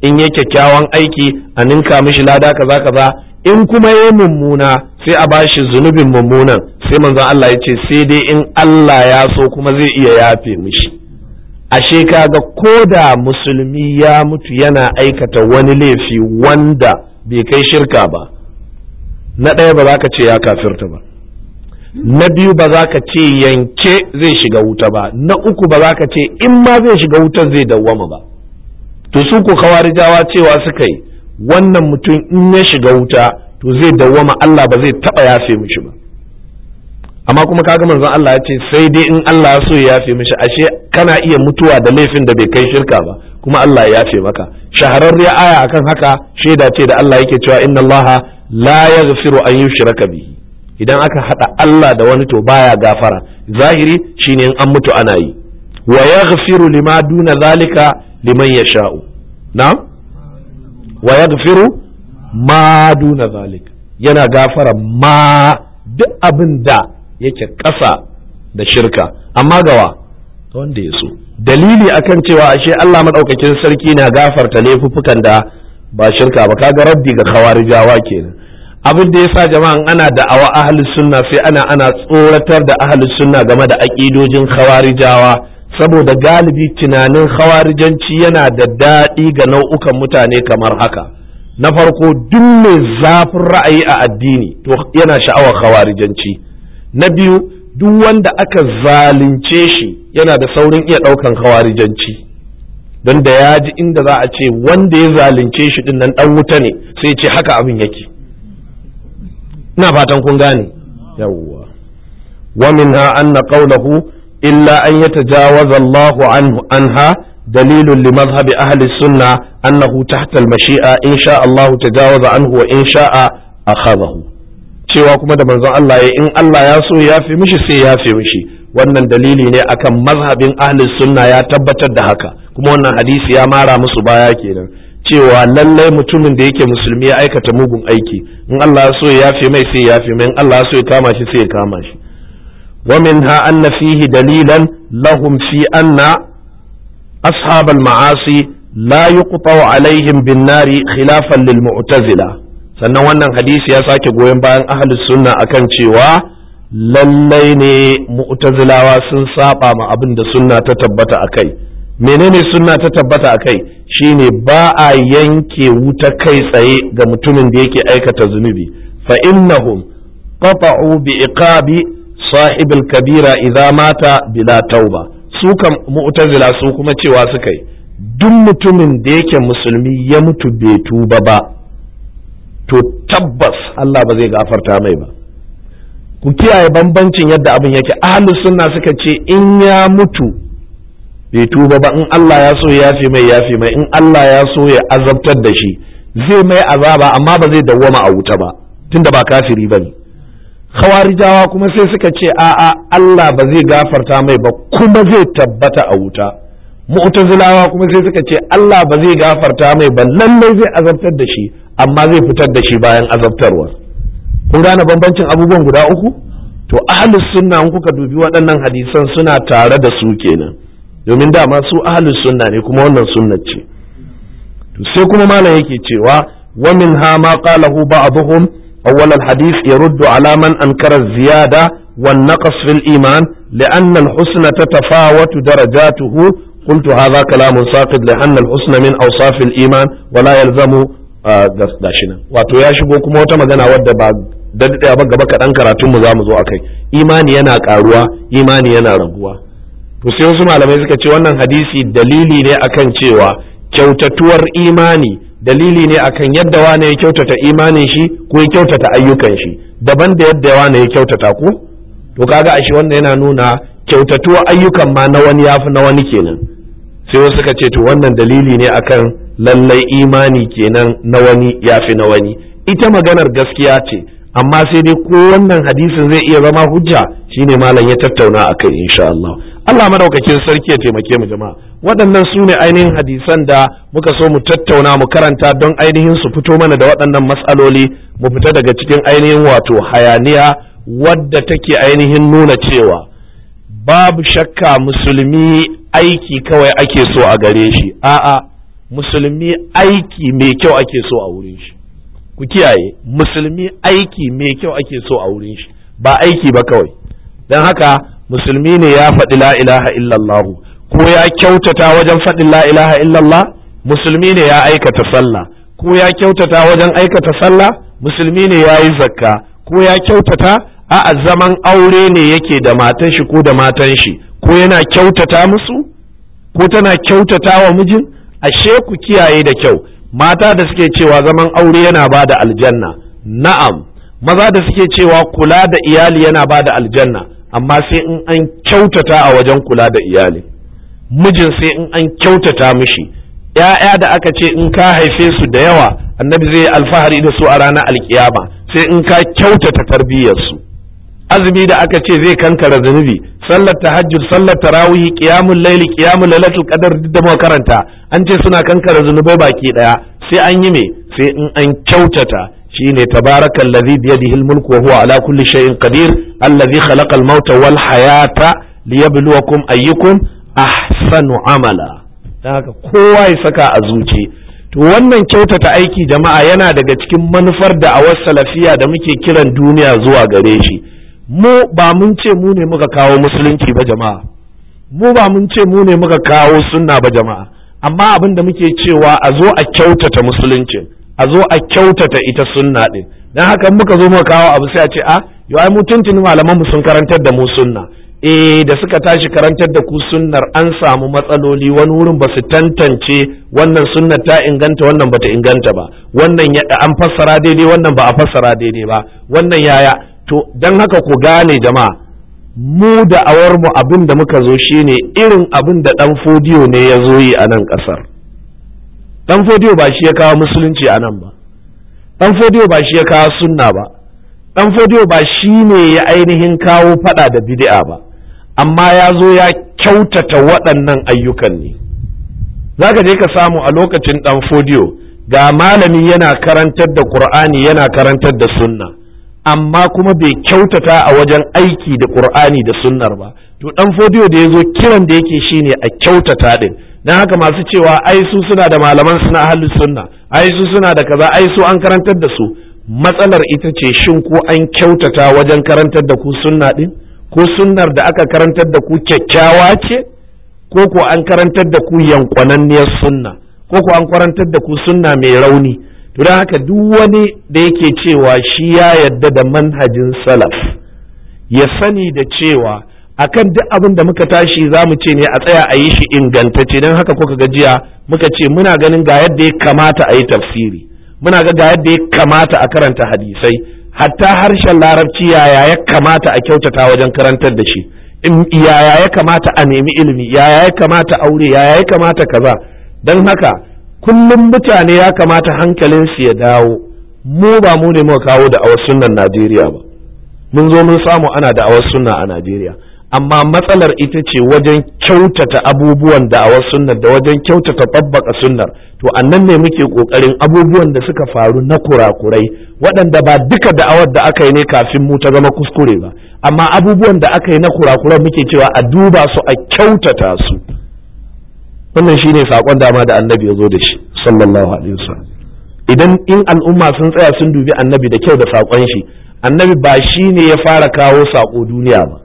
in ya kyakkyawan aiki a ninka mishi lada kaza kaza in kuma ya mummuna sai a bashi zunubin mummunan sai manzon Allah ya ce sai dai in Allah ya so kuma zai iya yafe mishi ashe ga ko da musulmi ya mutu yana aikata wani laifi wanda bai kai shirka ba na ɗaya ba za ka ce ya kafirta ba na biyu ba za ka ce yanke zai shiga wuta ba na uku ba za ka ce in ma zai shiga wuta zai dawwama ba to su ko kawarijawa cewa suka yi wannan mutum in ya shiga wuta to zai dawwama Allah ba zai taba yafe mishi ba amma kuma kaga manzon Allah ya ce sai dai in Allah ya so ya yafe mishi ashe kana iya mutuwa da laifin da bai kai shirka ba kuma Allah ya yafe maka shahararriya aya akan haka shaida ce da Allah yake cewa inna Allah la yaghfiru an yushraka bihi idan aka hada Allah da wani to baya gafara zahiri shine in an mutu ana yi wa yaghfiru lima duna zalika liman sha'u? Na wa yaghfiru ma duna zalika yana gafara ma duk abin da yake ƙasa da shirka amma gawa wanda ya so dalili akan cewa ashe Allah madaukakin sarki na gafarta laifuffukan da ba shirka ba kaga raddi ga khawarijawa kenan abin da yasa jama'an ana da'awa ahli sunna sai ana ana tsoratar da ahli sunna game da aƙidojin khawarijawa saboda galibi tunanin khawarijanci yana da daɗi ga nau'ukan mutane kamar haka na farko duk mai zafin ra'ayi a addini to yana sha'awar khawarijanci na biyu duk wanda aka zalunce shi yana da saurin iya ɗaukan khawarijanci don da ya ji inda za a ce wanda ya zalunce shi din nan dan wuta ne sai ce haka abin yake ina fatan kun gane yawwa wa minha anna qawluhu illa an yatajawaza Allahu anhu anha dalilun li madhhabi ahli sunna annahu tahta mashia in sha Allah tajawaza anhu wa in sha'a cewa kuma da manzon Allah ya in Allah ya so yafe mishi sai yafe mishi wannan dalili ne akan mazhabin ahli sunna ya tabbatar da haka kuma wannan hadisi ya mara musu baya kenan cewa lallai mutumin da yake musulmi ya aikata mugun aiki in Allah ya so ya yafe mai sai ya yafe mai in Allah ya so ya kama shi sai ya kama shi wa an anna fihi dalilan lahum fi anna ashab al-ma'asi la yuqta'u alaihim bin nari khilafan lil mu'tazila sannan wannan hadisi ya sake goyon bayan ahlus sunna akan cewa lallai ne mu'tazilawa sun saba ma abin da sunna ta tabbata a kai menene sunna ta tabbata a kai shine ba a yanke wuta kai tsaye ga mutumin da yake aikata zunubi fa innahum qata'u bi iqabi sahib kabira idza mata bila tauba su kam mu'tazila su kuma cewa suka yi duk mutumin da yake musulmi ya mutu bai tuba ba to tabbas Allah ba zai gafarta mai ba ku kiyaye bambancin yadda abin yake ahlus sunna suka ce in ya mutu bai tuba ba in Allah ya so ya fi mai ya fi mai in Allah ya so ya azabtar da shi zai mai azaba amma ba zai dawwama a wuta ba tunda ba kafiri ba ne khawarijawa kuma sai suka ce a'a Allah ba zai gafarta mai ba kuma zai tabbata a wuta mu'tazilawa kuma sai suka ce Allah ba zai gafarta mai ba lallai zai azabtar da shi amma zai fitar da shi bayan azabtarwa kun gane bambancin abubuwan guda uku to ahlus sunna in kuka dubi waɗannan hadisan suna tare da su kenan domin dama su ahlus sunna ne kuma wannan sunnar ce to sai kuma malam yake cewa wa min ha ma qalahu ba'dhum awwal al hadith yaruddu ala man ankara ziyada wan naqas fil iman لأن الحسن تتفاوت درجاته قلت هذا كلام ساقط لأن الحسن من أوصاف الإيمان ولا يلزم داشنا wato ya shigo kuma wata magana wadda ba dan da ban gaba kaɗan karatun mu zo zo kai. imani yana karuwa imani yana raguwa to sai wasu malamai suka ce wannan hadisi dalili ne akan cewa kyautatuwar imani dalili ne akan yadda wane ya kyautata imanin shi ko ya kyautata ayyukan shi daban da yadda wane ya kyautata ko to kaga ashe wannan yana nuna kyautatuwa ayyukan ma na wani yafi na wani kenan sai wasu suka ce to wannan dalili ne akan lallai imani kenan na wani yafi na wani ita maganar gaskiya ce amma sai dai ko wannan hadisin zai iya zama hujja shine malam ya tattauna a akai insha Allah Allah madaukakin sarki ya taimake mu jama'a waɗannan su ne ainihin hadisan da muka so mu tattauna mu karanta don ainihin su fito mana da waɗannan matsaloli mu fita daga cikin ainihin wato hayaniya wadda take ainihin nuna cewa babu shakka musulmi aiki kawai ake so a gare shi a'a musulmi aiki mai kyau ake so a wurin shi ku kiyaye musulmi aiki mai kyau ake so a wurin shi ba aiki ba kawai don haka musulmi ne ya faɗi la ilaha illallah ko ya kyautata wajen faɗi la ilaha illallah musulmi ne ya aikata sallah ko ya kyautata wajen aikata sallah musulmi ne ya yi zakka ko ya kyautata a zaman aure ne yake da matan shi ko da matan shi ko yana kyautata musu ko tana kyautata wa mijin ashe ku kiyaye da kyau mata da suke cewa zaman aure yana ba da aljanna na'am maza da suke cewa kula da iyali yana ba da aljanna amma sai in an kyautata a wajen kula da iyali mijin sai in an kyautata mishi ‘ya'ya da aka ce in ka haife su da yawa annabi zai alfahari da su a ranar alkiyama sai in ka kyautata tarbiyyarsu azumi da aka ce zai kankara zunubi sallar tahajjud sallar tarawih qiyamul layli qiyamul lailatul qadar da makaranta an ce suna kankara zunubai baki daya sai an yi me sai in an kyautata shine tabarakal ladhi bi yadihi al mulku wa huwa ala kulli shay'in qadir alladhi khalaqa al mauta wal hayata liyabluwakum ayyukum ahsanu amala dan haka kowa ya saka a zuci to wannan kyautata aiki jama'a yana daga cikin manufar da a wasu salafiya da muke kiran duniya zuwa gare shi mu ba mun ce mu ne muka kawo musulunci ba jama'a mu ba mun ce mu ne muka kawo sunna ba jama'a amma abin da muke cewa a zo a kyautata musuluncin a zo a kyautata ita sunna din dan haka muka zo muka kawo abu sai a ce a ah, yo ai tuntuni malaman mu sun karantar da mu sunna eh da suka tashi karantar da ku sunnar an samu matsaloli wani wurin ba su tantance wannan sunnar ta inganta wannan bata inganta ba wannan an fassara daidai wannan ba a fassara daidai ba wannan yaya to don haka ku gane jama'a mu da awarmu abin da muka zo shi ne irin abin da ɗan fodiyo ne ya zo yi a nan ƙasar ɗan fodiyo ba shi ya kawo musulunci a nan ba ɗan fodiyo ba shi ya kawo sunna ba ɗan fodiyo ba shi ne ya ainihin kawo faɗa da bid'a ba amma ya zo ya kyautata waɗannan ayyukan ne zaka je ka samu a lokacin ɗan fodiyo ga malami yana karantar da ƙur'ani yana karantar da sunna amma kuma bai kyautata a wajen aiki da qur'ani da sunnar ba to dan fodiyo da ya zo kiran da yake shine a kyautata din dan haka masu cewa ai su suna da malaman suna hali sunna ai su suna da kaza ai su an karantar da su matsalar ita ce shin ko an kyautata wajen karantar da ku sunna din ko sunnar da aka karantar da ku kyakkyawa ce ko ko an karantar da ku yankwananniyar sunna ko ko an karantar da ku sunna mai rauni don haka duk wani da yake cewa shi ya yadda da manhajin salaf ya sani da cewa akan duk abin da muka tashi za mu ce ne a tsaya a yi shi ingantacce don haka kuka gajiya muka ce muna ganin ga yadda ya kamata a yi tafsiri muna ga ga yadda ya kamata a karanta hadisai hatta harshen larabci yaya ya kamata a kyautata wajen karantar da shi yaya ya kamata a nemi ilimi yaya ya kamata aure yaya ya kamata kaza don haka kullum mutane ya kamata hankalin su ya dawo mu ba mu ne muka kawo da awar sunnan Najeriya ba mun zo mun samu ana da awar sunna a Najeriya amma matsalar ita ce wajen kyautata abubuwan da awar da wajen kyautata tabbaka sunnar to annan ne muke kokarin abubuwan da suka faru na kurakurai waɗanda ba duka da'awar da aka yi ne kafin mu ta gama kuskure ba amma abubuwan da aka yi na kurakurai muke cewa a duba su a kyautata su wannan shi ne saƙon dama da annabi ya zo da shi sallallahu alaihi wasallam idan in al'umma sun tsaya sun dubi annabi da kyau da saƙon shi annabi ba shi ne ya fara kawo saƙo duniya ba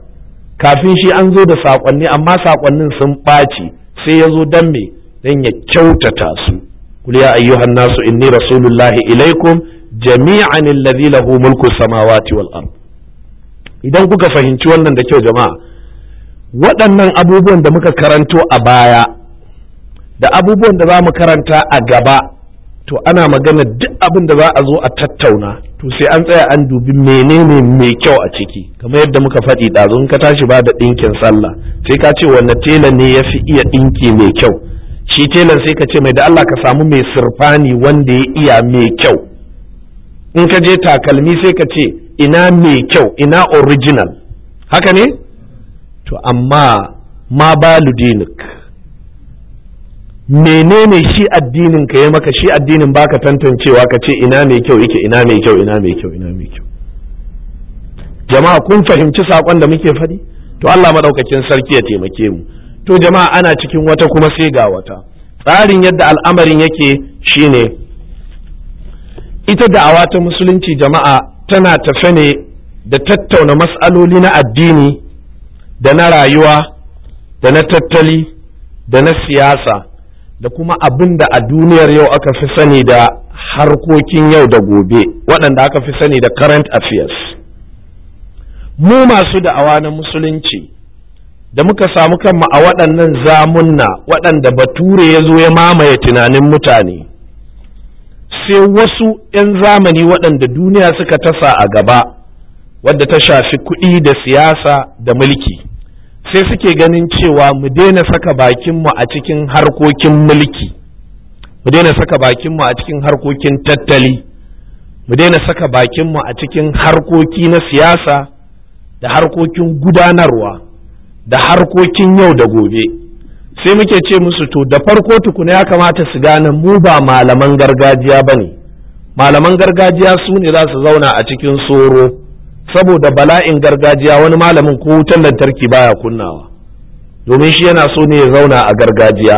kafin shi an zo da saƙonni amma saƙonnin sun ɓaci sai ya zo dan me dan ya kyautata su kul ya ayyuhan nasu inni rasulullahi ilaikum jami'an alladhi lahu mulku samawati wal ard idan kuka fahimci wannan da kyau jama'a waɗannan abubuwan da muka karanto a baya da abubuwan da za mu karanta a gaba to ana magana duk abin da za a zo a tattauna to sai an tsaya an dubi menene mai kyau a ciki kamar yadda muka faɗi ɗazu in ka tashi ba da ɗinkin sallah sai ka ce wanne tela ne ya fi iya ɗinki mai kyau shi telan sai ka ce mai da Allah ka samu mai surfani wanda ya iya mai kyau in ka je takalmi sai ka ce ina mai kyau ina original haka ne to amma ma balu dinik menene shi addinin ka ya maka shi addinin baka tantancewa ka ce ina mai kyau yake ina mai kyau ina mai kyau ina mai kyau jama'a kun fahimci sakon da muke faɗi to Allah madaukakin sarki ya taimake mu to jama'a ana cikin wata kuma sai ga wata tsarin yadda al'amarin yake shine ita da'awa ta musulunci jama'a tana tafe ne da tattauna matsaloli na addini da na rayuwa da na tattali da na siyasa da kuma abin da a duniyar yau aka fi sani da harkokin yau da gobe waɗanda aka fi sani da current affairs mu masu da'awa na musulunci da muka samu kanmu a waɗannan zamunna waɗanda bature ya zo ya mamaye tunanin mutane sai wasu 'yan zamani waɗanda duniya suka tasa a gaba wadda ta shafi kuɗi da siyasa da mulki sai suke ganin cewa mu daina saka bakinmu a cikin harkokin mulki mu daina saka bakinmu a cikin harkokin tattali mu daina saka bakinmu a cikin harkoki na siyasa da harkokin gudanarwa da harkokin yau da gobe sai muke ce musu to da farko tukuna ya kamata su gane mu ba malaman gargajiya ba ne malaman gargajiya su ne za su zauna a cikin soro saboda bala'in gargajiya wani malamin ko wutar lantarki baya kunnawa domin shi yana so ne ya zauna a gargajiya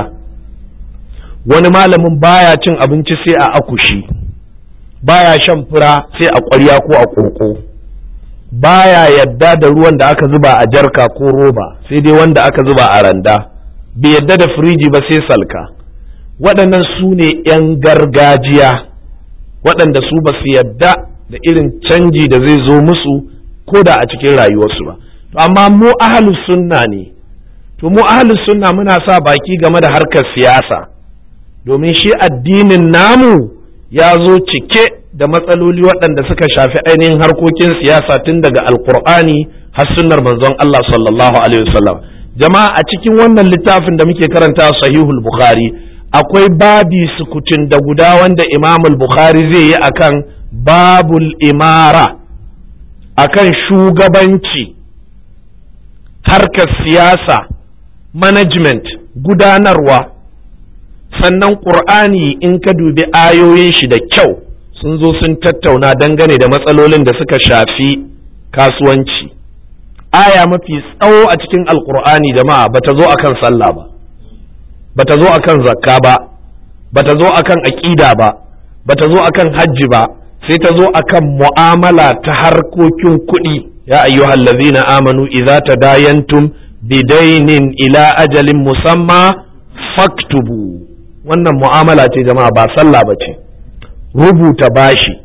wani malamin baya cin abinci sai a akushi baya shan fura sai a ƙwarya ko a ƙoƙo baya yadda da ruwan da aka zuba a jarka ko roba sai dai wanda aka zuba a randa bai yadda da firiji ba sai salka waɗannan su ne 'yan gargajiya waɗanda su ba su yadda da irin canji da zai zo musu ko da a cikin rayuwarsu ba to amma mu ahalu sunna ne to mu ahalu sunna muna sa baki game da harkar siyasa domin shi addinin namu ya zo cike da matsaloli waɗanda suka shafi ainihin harkokin siyasa tun daga alkur'ani har sunnar manzon Allah sallallahu alaihi wasallam jama'a a cikin wannan littafin da muke karanta sahihul bukhari akwai babi sukutun da guda wanda imamul bukhari zai yi akan babul imara akan shugabanci harkar siyasa management gudanarwa sannan ƙur'ani in ka dubi ayoyin shi da kyau sun zo sun tattauna dangane da matsalolin da suka shafi kasuwanci aya mafi tsawo a cikin alƙur'ani jama'a bata zo akan sallah ba bata zo akan zakka ba bata zo akan aƙida ba bata zo akan hajji ba sai ta zo a kan mu'amala ta harkokin kuɗi ya ayyuhal na amanu ta tun bidainin ila ajalin musamma faktubu wannan mu'amala ce jama'a ba sallah ba ce rubuta bashi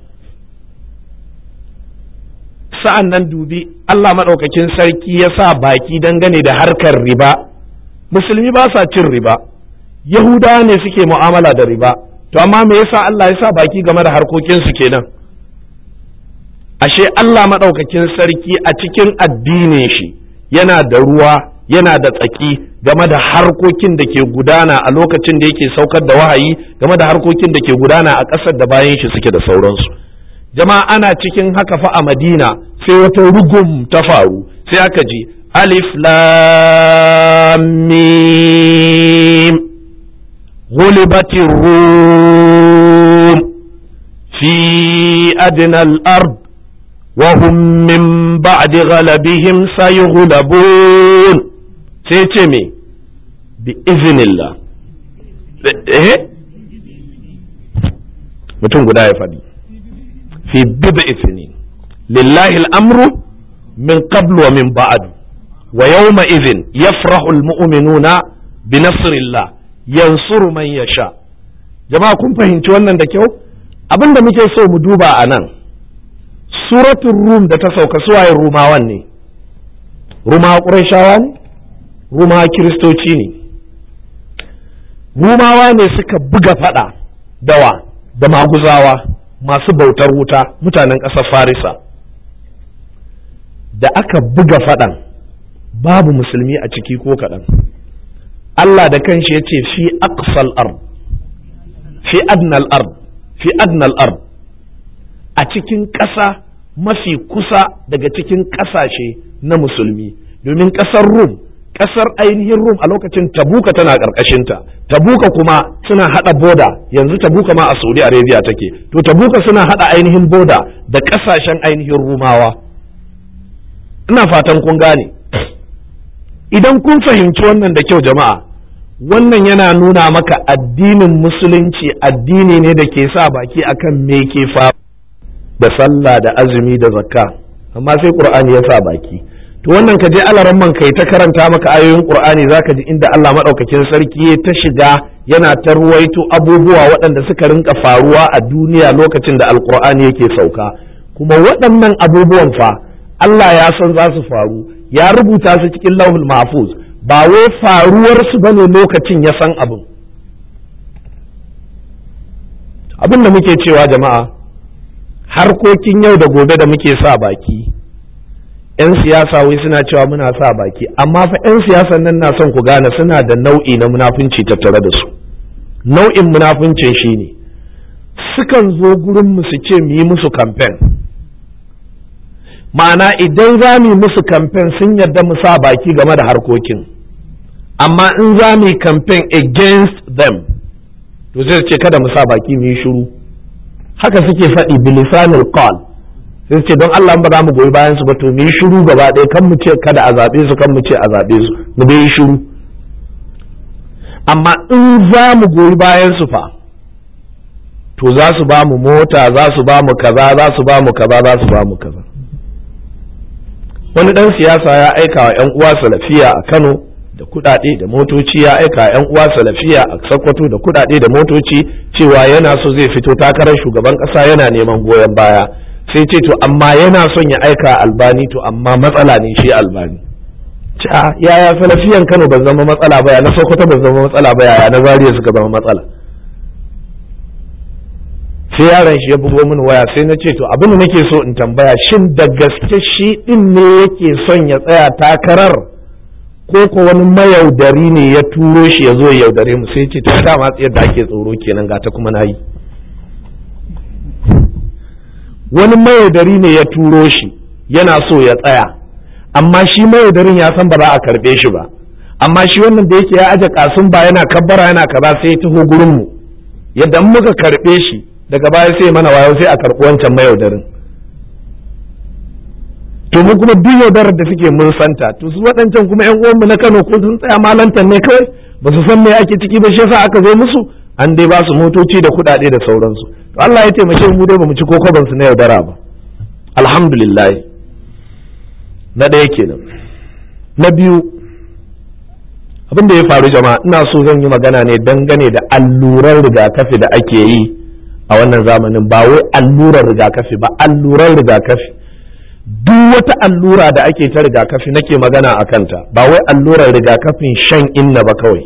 sa'an nan dubi Allah maɗaukakin sarki ya sa baki dangane da harkar riba musulmi ba sa cin riba yahudawa ne suke mu'amala da riba to amma me yasa Allah ya sa baki game da harkokinsu kenan ashe Allah maɗaukakin sarki a cikin addinin shi yana da ruwa yana da tsaki game da harkokin da ke gudana a lokacin da yake saukar da wahayi game da harkokin da ke gudana a ƙasar da bayan shi suke da sauransu jama'a ana cikin haka fa a madina sai wata rugum ta faru sai aka ji alif lam mim غلبت الروم في أدنى الأرض وهم من بعد غلبهم سيغلبون سيتمي بإذن الله إيه mutum guda ya faɗi fi bid'i sinin lillahi al'amru min qablu wa min ba'du wa yawma idhin yafrahu al-mu'minuna bi nasrillah yansuru man sha, jama'a kun fahimci wannan da kyau abin da muke so mu duba a nan suratun rum da ta sauka suwaye rumawan ne rumawa ƙurashawa ne rumawa kiristoci ne rumawa ne suka buga fada dawa da maguzawa masu bautar wuta mutanen ƙasar farisa da aka buga fadan babu musulmi a ciki ko kaɗan Allah da kanshi ya ce fi aqsal ard fi adnal ard fi adnal ard a cikin ƙasa mafi kusa daga cikin ƙasashe na musulmi domin ƙasar Rum ƙasar ainihin Rum a lokacin Tabuka tana ƙarƙashinta Tabuka kuma suna haɗa boda yanzu Tabuka ma a Saudi Arabia take to Tabuka suna haɗa ainihin boda da ƙasashen ainihin Rumawa ina fatan kun gane idan kun fahimci wannan da kyau jama'a wannan yana nuna maka addinin musulunci addini ne da ke sa baki akan me ke fa da sallah da azumi da zakka amma sai qur'ani ya sa baki to wannan ka je alaran man kai ta karanta maka ayoyin qur'ani zaka ji inda Allah madaukakin sarki ya ta shiga yana ta ruwaito abubuwa waɗanda suka rinka faruwa a duniya lokacin da alqur'ani yake sauka kuma waɗannan abubuwan fa Allah ya san za su faru ya rubuta su cikin lauhul mahfuz ba wai faruwarsu ba ne lokacin ya san abin abin da muke cewa jama'a harkokin yau da gobe da muke sa baki 'yan siyasa wai suna cewa muna sa baki amma fa 'yan siyasan nan na son ku gane suna da nau'i na munafunci tattare da su nau'in munafuncin ne. sukan zo gurinmu su ce mu yi musu kamfen ma'ana idan za mu musu kamfen sun yarda mu sa baki game da harkokin amma in za mu yi kamfen against them to zai ce kada mu sa baki mu yi shiru haka suke faɗi bilisanil qal sai ce don Allah ba za mu goyi bayan su ba to mu yi shiru gaba ɗaya kan mu ce kada a zaɓe su kan mu ce a zaɓe su mu bai yi shiru amma in za mu goyi bayan su fa to za su ba mu mota za su ba mu kaza za su ba mu kaza za su ba mu kaza wani dan siyasa ya aika wa 'yan uwa salafiya a kano da kudade da motoci ya aika 'yan uwa salafiya a sokoto da kudade da motoci cewa yana so zai fito takarar shugaban kasa yana neman goyon baya sai ce to amma yana son ya aika albani to amma matsala ne shi albani yaya salafiyan kano ban zama matsala ba ya na sokoto ban zama matsala ba ya na zariya suka zama matsala sai yaran shi ya bugo mini waya sai na ce to abin da nake so in tambaya shin da gaske shi din ne yake son ya tsaya takarar ko ko wani mayaudari ne ya turo shi ya zo ya yaudare mu sai ce ta dama tsayar da ake tsoro kenan ga ta kuma na yi wani mayaudari ne ya turo shi yana so ya tsaya amma shi mayaudarin ya san ba za a karbe shi ba amma shi wannan da yake ya aje kasun ba yana kabbara yana kaza sai ya taho gurin mu yadda muka karbe shi daga baya sai mana wayo sai a karɓi wancan mayaudarin to mu kuma duk yaudarar da suke mun santa to su waɗancan kuma ƴan uwanmu na Kano ko sun tsaya malantan ne kawai ba su san me ake ciki ba shi yasa aka zo musu an dai ba su motoci da kuɗaɗe da sauransu to Allah ya taimake mu dai bamu ci kokoban su na yaudara ba alhamdulillah na ɗaya kenan na biyu abin da ya faru jama'a ina so zan yi magana ne dangane da allurar rigakafi da ake yi a wannan zamanin ba wai allurar rigakafi ba allurar rigakafi duk wata allura da ake ta rigakafi nake magana a kanta ba wai allurar rigakafin shan inna ba kawai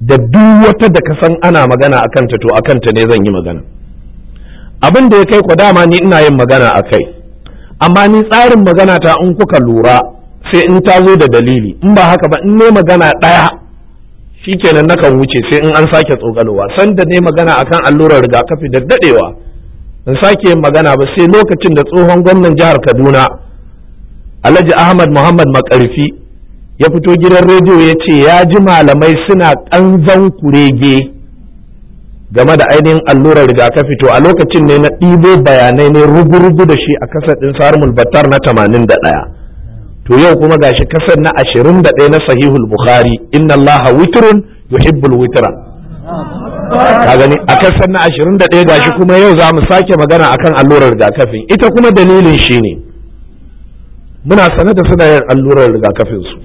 da duk wata da ka san ana magana a kanta to a kanta ne zan yi magana abin da ya kai ku dama ni ina yin magana a kai amma ni tsarin magana ta in kuka lura sai in tazo da dalili in ba haka ba in ne magana ɗaya Shi shikenan nakan wuce sai in an sake tsogalowa sanda ne magana akan allurar rigakafi da dadewa in sake yin magana ba sai lokacin da tsohon gwamnan jihar Kaduna Alhaji Ahmad Muhammad Makarfi ya fito gidan rediyo ya ce ya ji malamai suna ƙanzan kurege game da ainihin allurar rigakafi to a lokacin ne na ɗibo bayanai ne rugu-rugu da shi a kasa ɗin sarmul battar na 81 to yau kuma gashi kasar na ashirin da ɗaya na sahihul bukhari inna allaha witrun yuhibbul witra ka gani a kasar na ashirin da 21 gashi kuma yau za mu sake magana akan allurar rigakafi. ita kuma dalilin shine muna sane da suna yin allurar rigakafin su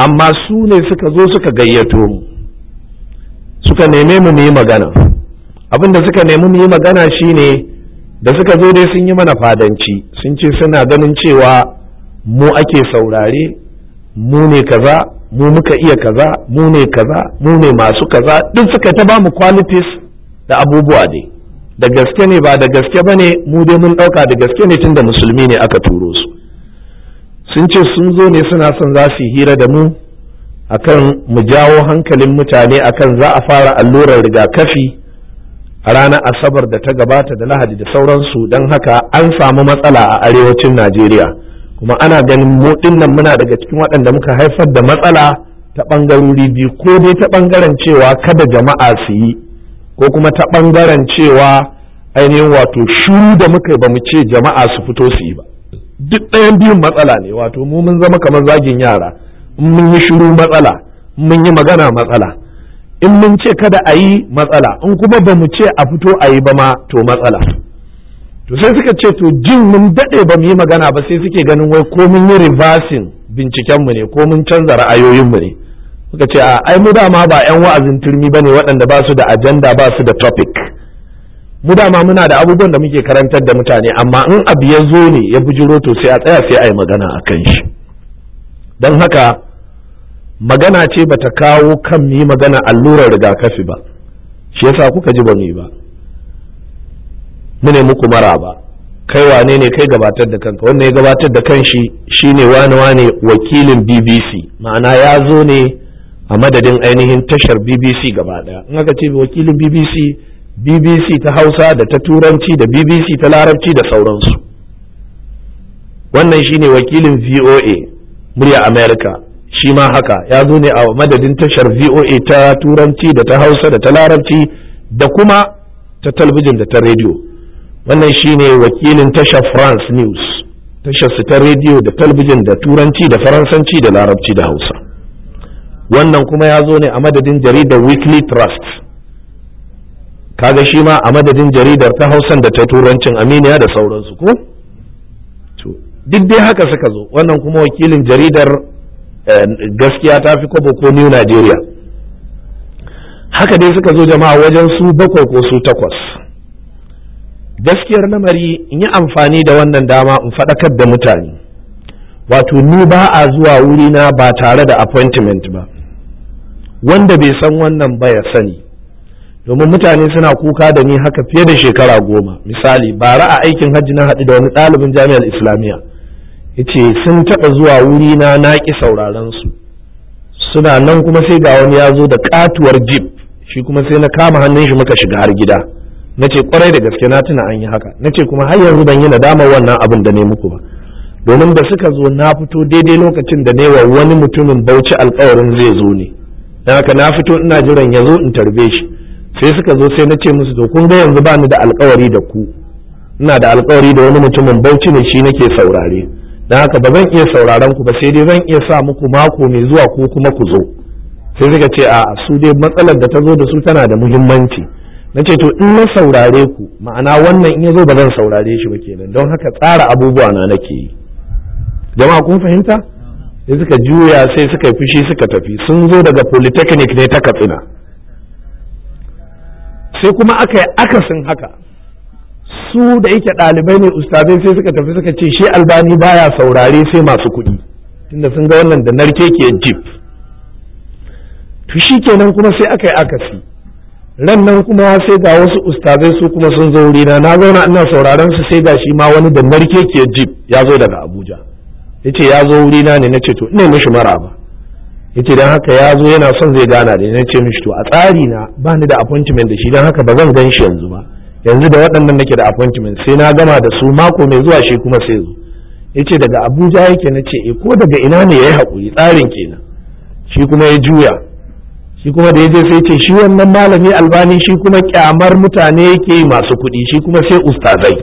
amma su ne suka zo suka gayyato mu suka neme mu yi magana abin da suka nemi mu yi magana shine da suka zo dai sun yi mana fadanci sun ce suna ganin cewa mu ake saurare mu ne kaza mu muka iya kaza mu ne kaza mu ne masu kaza duk suka ta bamu qualities da abubuwa dai da gaske ne ba da gaske ba ne mu dai mun ɗauka da gaske ne tunda musulmi ne aka turo su sun ce sun zo ne suna son za su hira da mu akan mu jawo hankalin mutane akan za a fara allurar rigakafi a ranar asabar da ta gabata da lahadi da sauransu don haka an samu matsala a arewacin najeriya kuma ana ganin motsin nan muna daga cikin waɗanda muka haifar da matsala ta ɓangarori biyu ko dai ta ɓangaren cewa kada jama'a su yi ko kuma ta ɓangaren cewa ainihin wato shuru da muka ba mu ce jama'a su fito su yi ba duk ɗayan biyun matsala ne wato mu mun zama kamar zagin yara in mun yi shuru matsala mun yi magana matsala in mun ce kada a yi matsala in kuma ba mu ce a fito a yi ba ma to matsala to sai suka ce to jin mun daɗe ba mu yi magana ba sai suke ganin wai ko mun yi reversing mu ne ko mun canza ra'ayoyinmu ne suka ce a ai mu dama ba 'yan wa'azin turmi ba ne waɗanda ba su da ajanda ba su da topic mu dama muna da abubuwan da muke karantar da mutane amma in abu ya zo ne ya bujiro to sai a tsaya sai a yi magana a kan shi don haka magana ce bata kawo kan mu yi magana allurar rigakafi ba shi yasa kuka ji ba mu yi ba mu ne muku maraba kai wane ne kai gabatar da kanka wanda ya gabatar da kanshi shine wani wane wakilin BBC ma'ana ya zo ne a madadin ainihin tashar BBC gaba daya in aka ce wakilin BBC BBC ta Hausa da ta Turanci da BBC ta Larabci da sauransu wannan shine wakilin VOA murya America shi ma haka ya zo ne a madadin tashar VOA ta Turanci da ta Hausa da ta Larabci da kuma ta talbijin da ta rediyo wannan shine wakilin tashar france news tashar su ta rediyo da talbijin da turanci da faransanci da larabci da hausa wannan kuma ya zo ne a madadin jaridar weekly trust kaga shi ma a madadin jaridar ta Hausa da ta turancin aminiya da sauransu ko duk dai haka suka zo wannan kuma wakilin jaridar eh, gaskiya ta fi kwabo ko new nigeria haka dai suka zo jama'a wajen su bakwai ko su takwas gaskiyar lamari in yi amfani da wannan dama in faɗakar da mutane wato ni ba a zuwa wurina ba tare da appointment ba wanda bai san wannan ba ya sani domin mutane suna kuka da ni haka fiye da shekara goma misali bara a aikin hajji na haɗu da wani ɗalibin jami'ar islamiyya Ya ce sun taɓa zuwa wurina na ƙi sauraron su suna nan kuma sai ga wani ya zo da ƙatuwar jeep shi kuma sai na kama hannun shi muka shiga har gida na ce kwarai da gaske na tuna an yi haka na ce kuma har yanzu ban yi nadama wannan abin da ne muku ba domin da suka zo na fito daidai lokacin da newa wani mutumin bauchi alkawarin zai zo ne don haka na fito ina jiran ya zo in tarbe shi sai suka zo sai na ce musu to kun ga yanzu bani ni da alkawari da ku ina da alkawari da wani mutumin bauchi ne shi nake saurare don haka ba zan iya sauraron ku ba sai dai zan iya sa muku mako mai zuwa ko kuma ku zo sai suka ce a su dai matsalar da ta zo da su tana da muhimmanci na ce to in na saurare ku ma'ana wannan in ya zo ba zan saurare shi ba kenan don haka tsara abubuwa na nake yi jama'a kun fahimta sai suka juya sai suka fushi suka tafi sun zo daga polytechnic ne ta katsina sai kuma aka yi akasin haka su da yake ɗalibai ne ustazai sai suka tafi suka ce shi albani baya saurare sai masu kuɗi tunda sun ga wannan da narke ke jip to shi kenan kuma sai aka yi akasi ran nan kuma sai ga wasu ustazai su kuma sun zo wurina na zauna ina sauraron su sai ga shi ma wani da narke ke jib ya zo daga abuja ya ce ya zo wurina ne na ce to ina mishi maraba ya ce don haka ya zo yana son zai gana da na ce mishi to a tsari na ba ni da appointment da shi don haka ba zan gan shi yanzu ba yanzu da waɗannan nake da appointment sai na gama da su mako mai zuwa shi kuma sai zo ya ce daga abuja yake na ce eh, ko daga ina ne ya yi haƙuri tsarin kenan shi kuma ya juya shi kuma da ya je sai ce shi wannan malami albani shi kuma kyamar mutane yake masu kuɗi shi kuma sai ustazai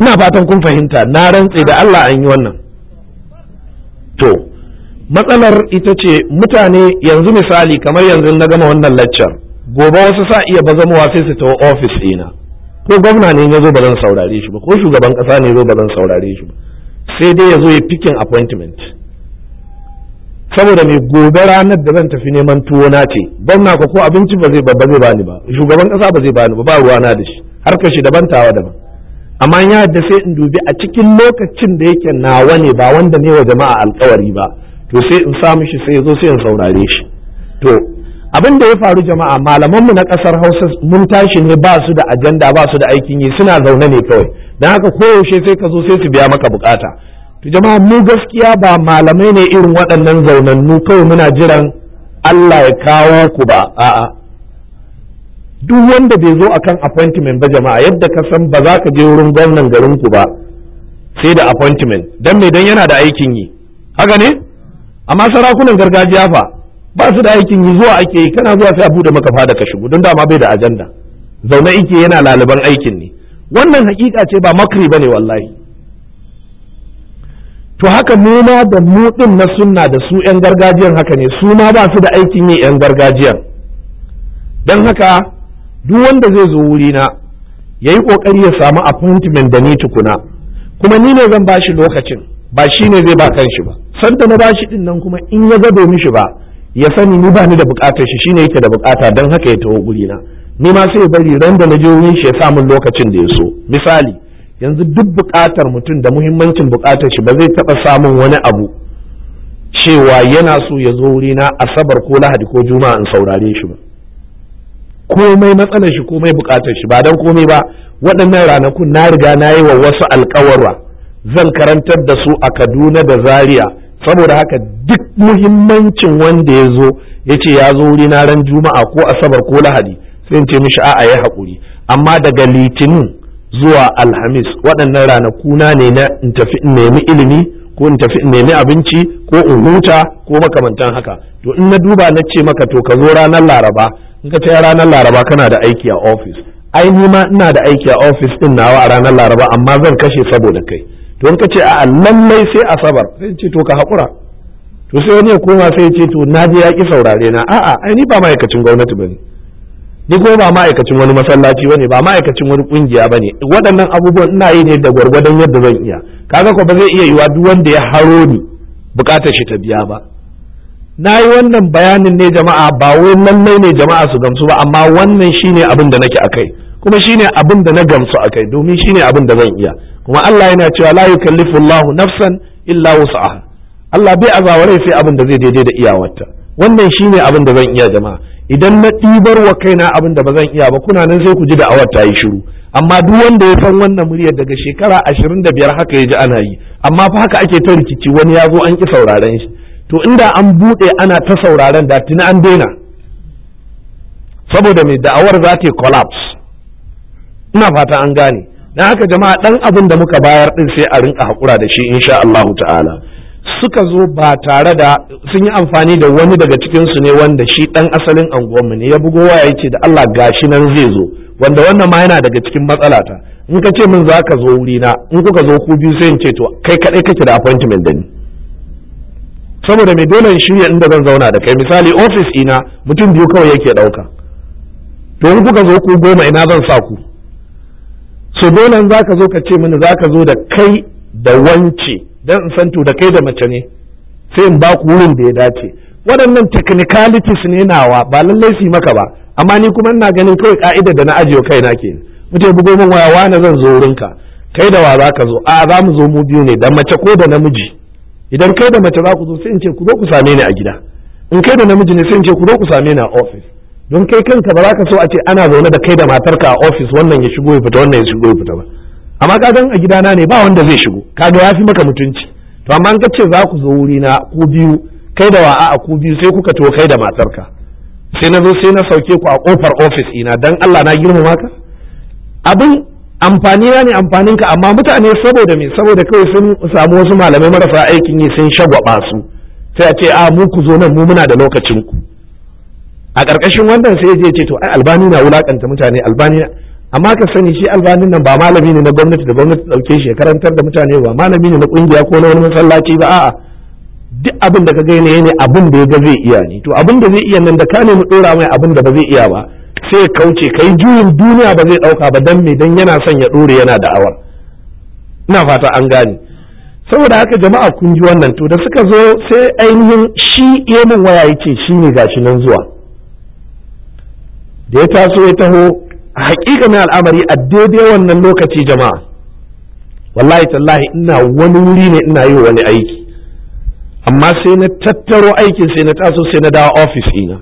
ina fatan kun fahimta na rantse da Allah an yi wannan to matsalar ita ce mutane yanzu misali kamar yanzu na gama wannan laccar gobe wasu sa iya bazamowa sai su tawo ofis ɗina ko gwamna ne ya zo ba zan saurare shi ba ko shugaban ƙasa ne ya zo ba zan saurare shi ba sai dai ya zo ya fikin appointment saboda mai gobe ranar da zan tafi neman tuwo na ce gwamna ka ko abinci ba zai ba zai bani ba shugaban kasa ba zai bani ba ba ruwa na da shi har shi daban tawa daban amma ya da sai in dubi a cikin lokacin da yake nawa ne ba wanda ne wa jama'a alkawari ba to sai in sa mishi sai zo sai in saurare shi to abin da ya faru jama'a malamanmu na kasar Hausa mun tashi ne ba su da ajanda ba su da aikin yi suna zaune ne kawai dan haka koyaushe sai ka zo sai su biya maka bukata to jama'a mu gaskiya ba malamai ne irin waɗannan zaunannu kawai muna jiran Allah ya kawo ku ba a'a duk wanda bai zo akan appointment ba jama'a yadda ka san ba za ka je wurin gwamnan garin ku ba sai da appointment dan me dan yana da aikin yi haka ne amma sarakunan gargajiya fa ba su da aikin yi zuwa ake yi kana zuwa sai a bude maka fada ka shigo don dama bai da ajanda zaune ike yana laliban aikin ne wannan hakika ce ba makri bane wallahi to haka noma da mu din na sunna da su yan gargajiyan haka ne su ma ba su da aikin yi yan gargajiyan don haka duk wanda zai zo wurina ya yi ƙoƙari ya samu appointment da ni tukuna kuma ni ne zan ba shi lokacin ba shi ne zai ba kan shi ba sanda na ba shi din nan kuma in ya gado mishi ba ya sani ni ba ni da buƙatar shi shine yake da buƙata don haka ya taho wurina ni ma sai bari randa na je wurin shi ya samun lokacin da ya so misali yanzu duk buƙatar mutum da muhimmancin buƙatar shi ba zai taɓa samun wani abu cewa yana so ya zo wurina asabar ko lahadi ko juma'a in saurare shi ba komai matsalar shi komai buƙatar shi ba don komai ba waɗannan ranakun na riga na yi wa wasu alƙawarwa zan karantar da su a kaduna da zaria saboda haka duk muhimmancin wanda ya zo ya ce ya zo wurina ran juma'a ko asabar ko lahadi sai in ce mishi a'a ya haƙuri amma daga litinin zuwa alhamis waɗannan ranaku na ne na in tafi in nemi ilimi ko in tafi in nemi abinci ko in huta ko makamantan haka to in na duba na ce maka to ka zo ranar laraba in ka ce ranar laraba kana da aiki a ofis ai ni ma ina da aiki a ofis din nawa a ranar laraba amma zan kashe saboda kai to in ka ce a lallai sai asabar sai ce to ka haƙura to sai wani ya koma sai ce to na je ya ƙi saurare na a'a ai ni ba ma'aikacin gwamnati ne. ni kuma ba ma'aikacin wani masallaci bane ba ma'aikacin wani kungiya bane waɗannan abubuwan ina yi ne da gwargwadon yadda zan iya kaga ko ba zai iya yiwa duk wanda ya haro ni bukatar shi ta biya ba na yi wannan bayanin ne jama'a ba wai lallai ne jama'a su gamsu ba amma wannan shine abin da nake akai kuma shine abin da na gamsu akai domin shine abin da zan iya kuma Allah yana cewa la yukallifu Allahu nafsan illa wus'aha Allah bai azawarai sai abin da zai daidai da iyawarta wannan shine abin da zan iya jama'a idan na ɗibar wa kaina abin da ba zan iya ba kuna nan sai ku ji da'awar ta yi shiru amma duk wanda ya san wannan muryar daga shekara ashirin da biyar haka ya ji ana yi amma fa haka ake ta rikici wani ya zo an ƙi sauraren shi to inda an buɗe ana ta sauraren da tuni an daina saboda mai da'awar za ta collapse ina fata an gane dan haka jama'a ɗan abin da muka bayar din sai a rinka haƙura da shi insha Allahu ta'ala suka zo ba tare da sun yi amfani da wani daga cikinsu ne wanda shi ɗan asalin anguwanmu ne ya bugo waya ce da Allah gashi nan zai zo wanda wannan ma yana daga cikin matsalata in ka ce min za ka zo wurina in kuka zo ku biyu sai in ce to kai kaɗai kake da appointment da ni saboda mai dole in shirya inda zan zauna da kai misali office ina mutum biyu kawai yake ɗauka to in kuka zo ku goma ina zan sa ku so dole in za ka zo ka ce mini za ka zo da kai da wance don in santo da kai da mace ne sai in ba ku wurin da ya dace waɗannan technicalities ne nawa ba lallai su yi maka ba amma ni kuma ina ganin kawai ka'ida da na ajiye kaina ke mutum bugo min waya wani zan zo wurinka kai da wa za ka zo a za mu zo mu biyu ne da mace ko da namiji idan kai da mace za ku zo sai in ce ku zo ku same ni a gida in kai da namiji ne sai in ce ku zo ku same ni a office don kai kanka ba za ka so a ce ana zaune da kai da matarka a ofis wannan ya shigo ya fita wannan ya shigo ya fita ba amma ka gan a gidana ne ba wanda zai shigo kaga ya fi maka mutunci to amma an kace za ku zo wuri na ku biyu kai da wa'a a ku biyu sai kuka to kai da matarka sai na zo sai na sauke ku a kofar ofis ina dan Allah na girmama ka abin amfani ne amfanin ka amma mutane saboda me saboda kawai sun samu wasu malamai marasa aikin yi sun shagwaba su sai a ce a mu ku zo nan mu muna da lokacin ku a ƙarƙashin wannan sai je ce to ai albani na wulakanta mutane albani amma ka sani shi albanin nan ba malami ne na gwamnati da gwamnati dauke shi karantar da mutane ba malami ne na kungiya ko na wani masallaci ba a'a duk abin da ka ga ne ne abin da ya ga zai iya ne to abin da zai iya nan da ka mu dora mai abin da ba zai iya ba sai kauce kai juyin duniya ba zai dauka ba dan me dan yana son ya dore yana da'awar ina fata an gane saboda haka jama'a kun ji wannan to da suka zo sai ainihin shi yemin waya yake shi ne gashi nan zuwa da ya taso ya taho A na al'amari a daidai wannan lokaci jama'a wallahi tallahi ina wani wuri ne ina yi wa wani aiki amma sai na tattaro aikin sai na taso sai na dawo ofis ina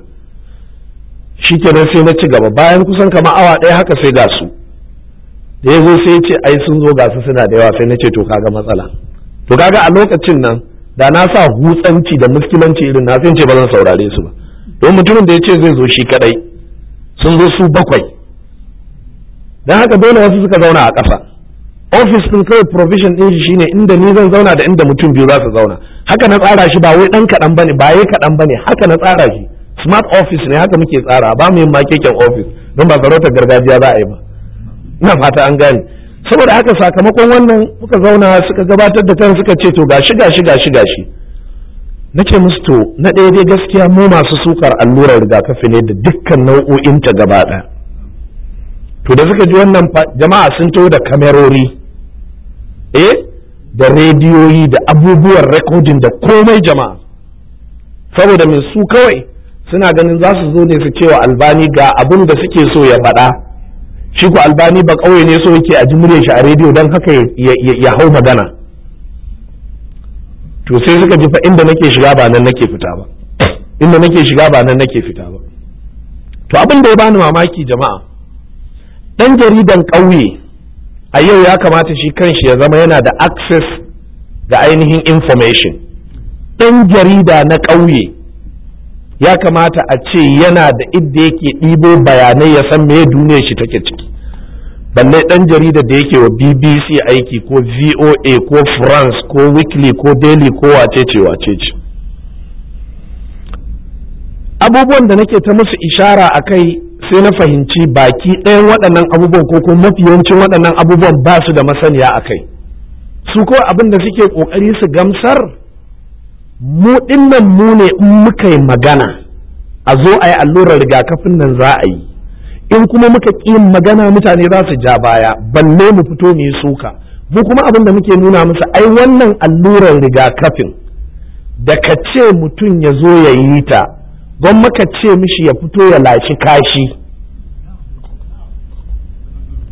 shi kenan sai na ci gaba bayan kusan kama awa ɗaya haka sai ga su da ya zo sai ce ai sun zo ga su suna da yawa sai na ce to kaga matsala to kaga a lokacin nan da na sa hutsanci da muskilanci irin na sai ce ba zan saurare su ba don mutumin da ya ce zai zo shi kaɗai sun zo su bakwai don haka dole wasu suka zauna a ƙasa ofis ɗin kawai provision ɗin shi shine inda ni zan zauna da inda mutum biyu za su zauna haka na tsara shi ba wai ɗan kaɗan bane ba yai kaɗan ne. haka na tsara shi smart office ne haka muke tsara ba mu yin keken ofis, don ba sarautar gargajiya za a yi ba ina fata an gane saboda haka sakamakon wannan muka zauna suka gabatar da kan suka ce to gashi gashi gashi gashi na musu to na ɗaya dai gaskiya mu masu sukar allurar rigakafi ne da dukkan nau'o'inta gaba ɗaya to da suka ji wannan jama'a sun taho da kamerori eh da rediyoyi da abubuwan rekodin da komai jama'a saboda mai su kawai suna ganin za su zo ne su cewa albani ga abin da suke so ya faɗa shi ku albani ba ƙauye ne so yake a jimure shi a rediyo don haka ya hau magana to sai suka ji fa inda nake shiga ba nan nake fita ba inda nake shiga ba nan nake fita ba to abin da ya bani mamaki jama'a ɗan jaridan ƙauye a yau ya kamata shi kanshi ya zama yana da access ga ainihin information ɗan jarida na ƙauye ya kamata a ce yana da idda yake ɗibo bayanai ya san me duniya shi take ciki balle ɗan jarida da yake wa bbc aiki ko voa ko france ko weekly ko daily ko wacece wacece abubuwan da nake ta musu ishara a kai sai na fahimci baki ɗayan waɗannan abubuwan ko kuma mafi yawancin waɗannan abubuwan ba su da masaniya a kai su ko abin da suke ƙoƙari su gamsar mu ɗinnan mu ne in muka yi magana a zo a yi allurar rigakafin nan za a yi in kuma muka ƙi magana mutane za su ja baya balle mu fito mu yi suka mu kuma abin da muke nuna musu ai wannan allurar rigakafin da ka ce mutum ya zo ya yi ta don maka ce mishi ya fito ya lashi kashi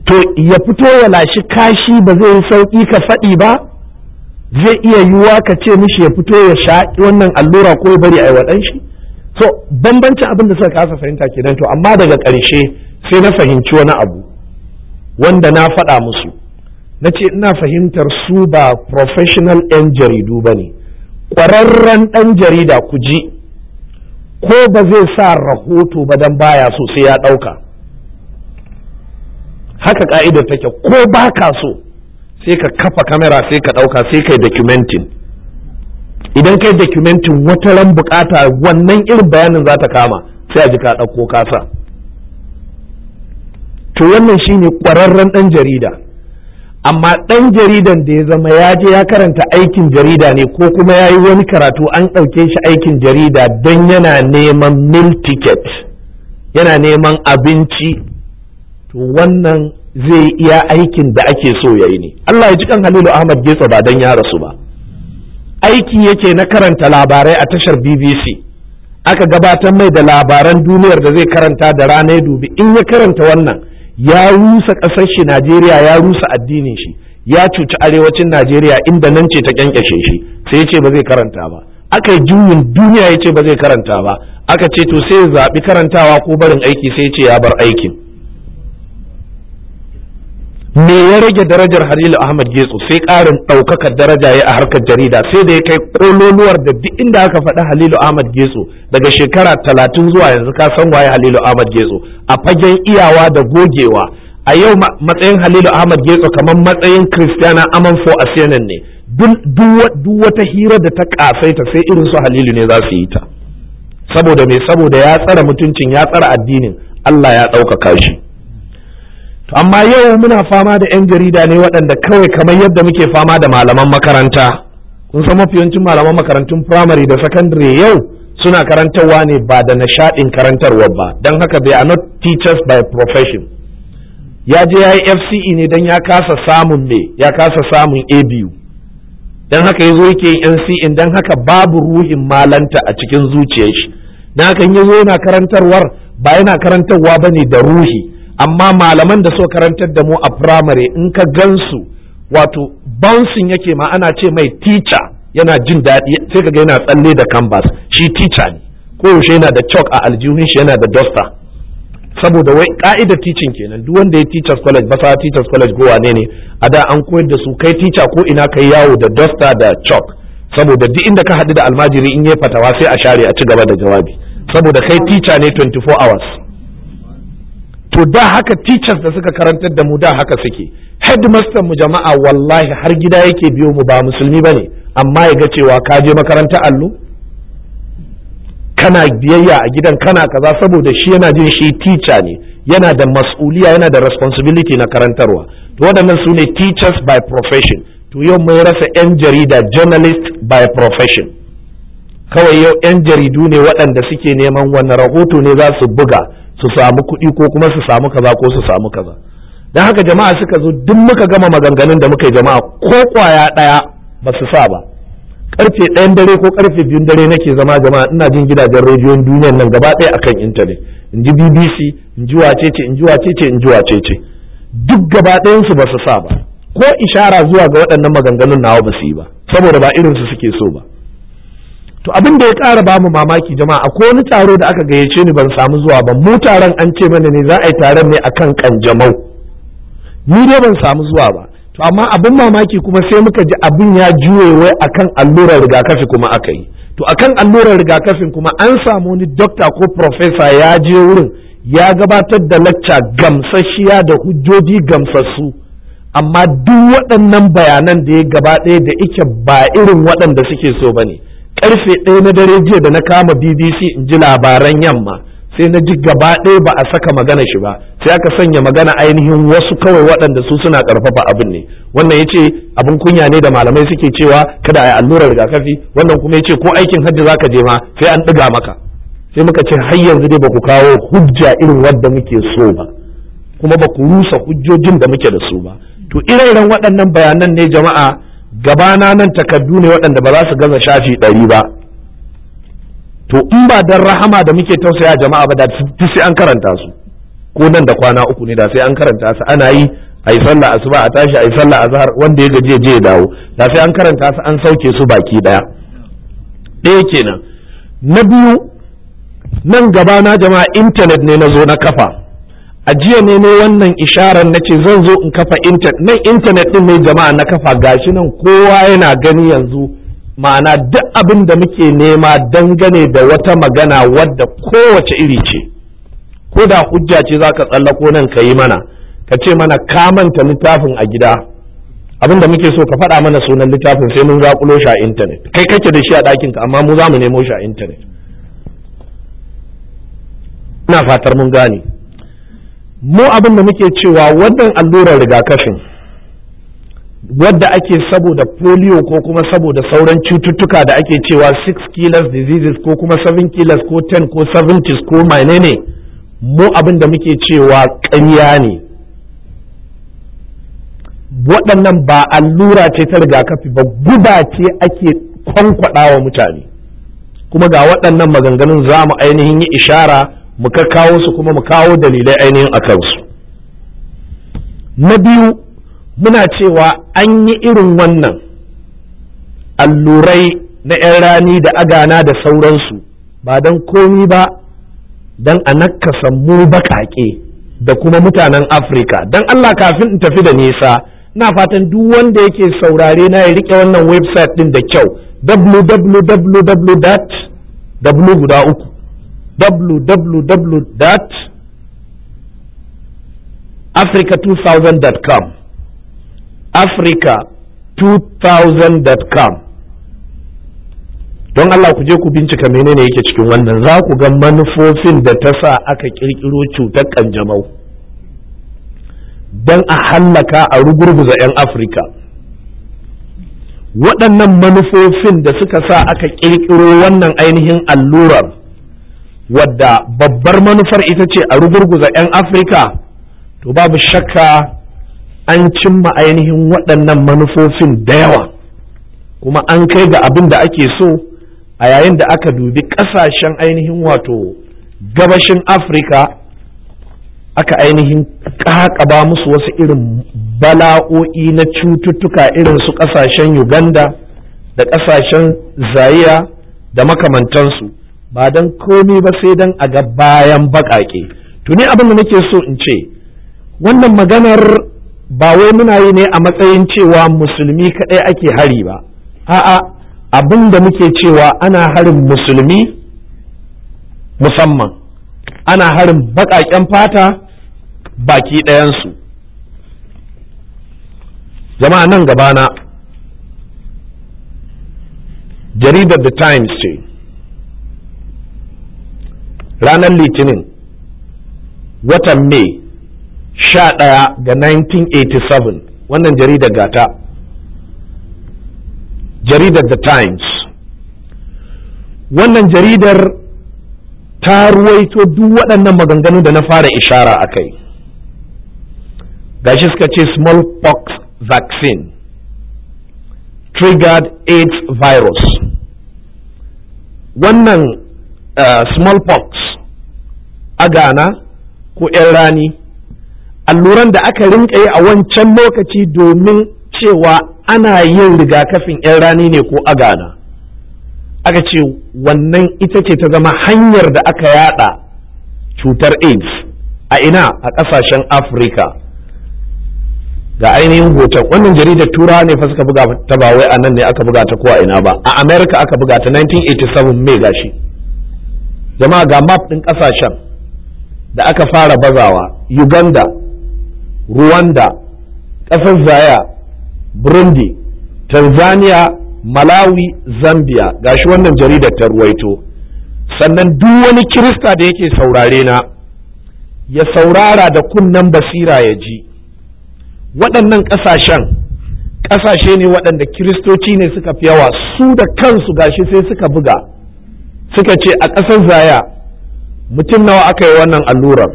to ya fito ya lashi kashi ba zai yi sauƙi ka faɗi ba zai iya yiwuwa ka ce mishi ya fito ya sha wannan allura ko bari a yi shi so bambancin abin da suka kasa fahimta kenan to amma daga ƙarshe sai na fahimci wani abu wanda na faɗa musu na ce ina fahimtar su ba professional 'yan jaridu ba ne ƙwararren ɗan jarida ku ji ko ba zai sa rahoto ba dan baya so sai ya ɗauka haka ka'idar take ko ba ka so sai ka kafa kamera sai ka ɗauka sai kai documenting idan kai documenting wata ran bukata wannan irin bayanin za ta kama sai a ji ka ɗauko kasa to wannan shine ƙwararren ɗan jarida amma ɗan jaridan da ya zama ya je ya karanta aikin jarida ne ko kuma ya yi wani karatu an ɗauke shi aikin jarida don yana neman mil ticket yana neman abinci to wannan zai iya aikin da ake so ya yi ne Allah ya ji kan Halilu Ahmad Getsa ba don ya rasu ba aiki yake na karanta labarai a tashar BBC aka gabatar mai da labaran duniyar da zai karanta da rana dubi in ya karanta wannan ya rusa ƙasar shi Najeriya ya rusa addinin shi ya cuci arewacin Najeriya inda nan ce ta kyankyashe shi sai ya ce ba zai karanta ba aka yi juyin duniya ya ce ba zai karanta ba aka ce to sai ya zaɓi karantawa ko barin aiki sai ya ce ya bar aikin me ya rage darajar halilu ahmad getsu sai ƙarin ɗaukakar daraja ya a harkar jarida sai da ya kai ƙololuwar da duk inda aka faɗi halilu ahmad getsu daga shekara talatin zuwa yanzu ka san waye halilu ahmad getso a fagen iyawa da gogewa a yau matsayin halilu ahmad getsu kamar matsayin kristiyana amanfo a cnn ne duk wata hira da ta ƙasaita sai irin su halilu ne za su yi ta saboda me saboda ya tsara mutuncin ya tsara addinin allah ya ɗaukaka shi to amma yau muna fama da 'yan jarida ne waɗanda kawai kamar yadda muke fama da malaman makaranta kun san mafiyancin malaman makarantun firamare da sakandare yau suna karantarwa ne ba da nishaɗin karantarwa ba don haka they are not teachers by profession ya je ya yi fce ne don ya kasa samun me ya kasa samun abu don haka ya zo yake yin nce don haka babu ruhin malanta a cikin zuciyar shi don haka ya zo yana karantarwar ba yana karantarwa ba ne da ruhi amma malaman da so karantar da mu a firamare in ka gansu wato bouncing yake ma ana ce mai teacher yana jin daɗi sai kaga yana tsalle da canvas shi teacher ne koyaushe yana da chalk a aljihun shi yana da duster saboda wai ka'idar teaching kenan duk wanda ya teachers college ba sa teachers college go wane ne a da an koyar da su kai teacher ko ina kai yawo da duster da chalk saboda duk inda ka haɗu da almajiri in yi fatawa sai a share a ci gaba da jawabi saboda kai teacher ne 24 hours to da haka teachers da suka karantar da mu da haka suke headmaster mu jama'a wallahi har gida yake biyo mu ba musulmi ba ne, amma ya ga cewa ka je makaranta allo kana biyayya a gidan kana kaza saboda shi yana jin shi teacher ne yana da mas'uliya yana da responsibility na karantarwa to waɗannan su ne teachers by profession to yau mun rasa 'yan jarida journalist by profession kawai yau 'yan jaridu ne waɗanda suke neman wani rahoto ne za su buga su samu kuɗi ko kuma su samu kaza ko su samu kaza don haka jama'a suka zo duk muka gama maganganun da muka yi jama'a ko kwaya ɗaya ba su sa ba karfe ɗayan dare ko karfe biyun dare nake zama jama'a ina jin gidajen rediyon duniyan nan gaba ɗaya akan intanet in ji bbc in ji wacece in ji wacece in ji wacece duk gaba ɗayansu ba su sa ba ko ishara zuwa ga waɗannan maganganun nawa ba su yi ba saboda ba irinsu suke so ba to abin da ya ƙara bamu mamaki jama'a akwai wani taro da aka gayyace ni ban samu zuwa ba mu taron an ce mana ne za a yi taron ne akan kanjamau ni dai ban samu zuwa ba to amma abin mamaki kuma sai muka ji abin ya juye wai akan allurar rigakafi kuma aka yi to akan allurar rigakafin kuma an samu wani dokta ko profesa ya je wurin ya gabatar da lacca gamsasshiya da hujjoji gamsassu amma duk waɗannan bayanan da ya gaba ɗaya da ike ba irin waɗanda suke so ba ne karfe ɗaya na dare jiya da na kama bbc in ji labaran yamma sai na ji gaba ɗaya ba a saka magana shi ba sai aka sanya magana ainihin wasu kawai waɗanda su suna ƙarfafa abin ne wannan ya ce abin kunya ne da malamai suke cewa kada a yi allurar rigakafi wannan kuma ya ce ko aikin hajji za ka je ma sai an ɗiga maka sai muka ce har yanzu dai ba ku kawo hujja irin wadda muke so ba kuma ba ku rusa hujjojin da muke da su ba to ire-iren waɗannan bayanan ne jama'a gabana nan takardu ne waɗanda ba za su gaza shafi ɗari ba to in ba dan rahama da muke tausaya jama'a ba da sai an karanta su ko nan da kwana uku ne da sai an karanta su ana yi a yi sallah asuba a tashi a yi sallah azhar wanda ya gaje je ya dawo da sai an karanta su an sauke su baki daya ɗaya kenan na biyu nan gabana jama'a intanet ne na zo na kafa a jiya ne ne wannan isharar na ce zan zo in kafa intanet nan intanet din ne jama'a na kafa gashi nan kowa yana gani yanzu ma'ana duk abin da muke nema dangane da wata magana wadda kowace iri ce ko da hujja ce za ka tsallako nan ka yi mana ka ce mana ka manta littafin a gida abin da muke so ka faɗa mana sunan littafin sai mun zakulo shi a intanet kai kake da shi a ɗakinka amma mu za mu nemo shi a intanet ina fatar mun gane mu abin da muke cewa wannan allurar rigakafin wadda ake saboda polio ko kuma saboda sauran cututtuka da ake cewa 6 killers diseases ko kuma 7 killers ko 10 ko 70 ko menene mu abin da muke cewa ƙarya ne waɗannan ba allura ce ta rigakafi ba guba ce ake kwankwaɗa wa mutane kuma ga waɗannan maganganun za mu ainihin yi ishara mu ka kawo su kuma mu kawo dalilai ainihin a kansu na biyu muna cewa an yi irin wannan allurai na 'yan rani da agana da sauransu ba don komi ba don a nakasa mu baƙaƙe da kuma mutanen afirka don allah kafin in tafi da nisa na fatan duk wanda yake saurare na ya riƙe wannan website ɗin da kyau www.w guda uku www.africa2000.com africa2000.com don Allah ku je ku bincika menene yake cikin wannan za ku ga manufofin da ta sa aka kirkiro cutar kanjamau don a hallaka a rugurguza 'yan afirka waɗannan manufofin da suka sa aka kirkiro wannan ainihin allurar wadda babbar manufar ita ce a rugurguza 'yan afirka to babu shakka an cimma ainihin waɗannan manufofin da yawa kuma an kai ga abin da ake so a yayin da aka dubi ƙasashen ainihin wato gabashin afirka aka ainihin ƙaƙaba musu wasu irin bala'o'i na cututtuka irin su ƙasashen uganda da ƙasashen zaria da makamantansu ba don komi ba sai don a ga bayan baƙaƙe tuni abin da nake so in ce wannan maganar ba wai muna yi ne a matsayin cewa musulmi kaɗai ake hari ba a'a abin da muke cewa ana harin musulmi musamman ana harin baƙaƙen fata baki ɗayansu jama'a nan gabana jaridar the times ce ranar litinin watan mai sha ɗaya ga 1987 wannan jaridar gata jaridar the times wannan jaridar ta ruwaito duk waɗannan maganganu da na fara ishara a kai gashi suka ce smallpox vaccine triggered AIDS virus wannan uh, smallpox agana ko 'yan rani alluran da aka rinka yi a wancan lokaci domin cewa ana yin rigakafin 'yan rani ne ko agana aka ce wannan ita ce ta zama hanyar da aka yada cutar aids a ina a ƙasashen afirka ga ainihin hoton wannan jaridar tura ne fa suka buga ta ba wai a nan ne aka buga ta ko a ina ba a america aka buga ta 1987 mai gashi jama'a ga map ɗin ƙasashen da aka fara bazawa uganda rwanda ƙasar zaya burundi tanzania malawi zambia gashi wannan jaridar ta ruwaito sannan duk wani kirista da yake saurare na ya saurara da kunnen basira ya ji waɗannan ƙasashen ƙasashe ne waɗanda kiristoci ne suka fi yawa su da kansu gashi sai suka buga suka ce a ƙasar zaya mutum nawa aka yi wannan allurar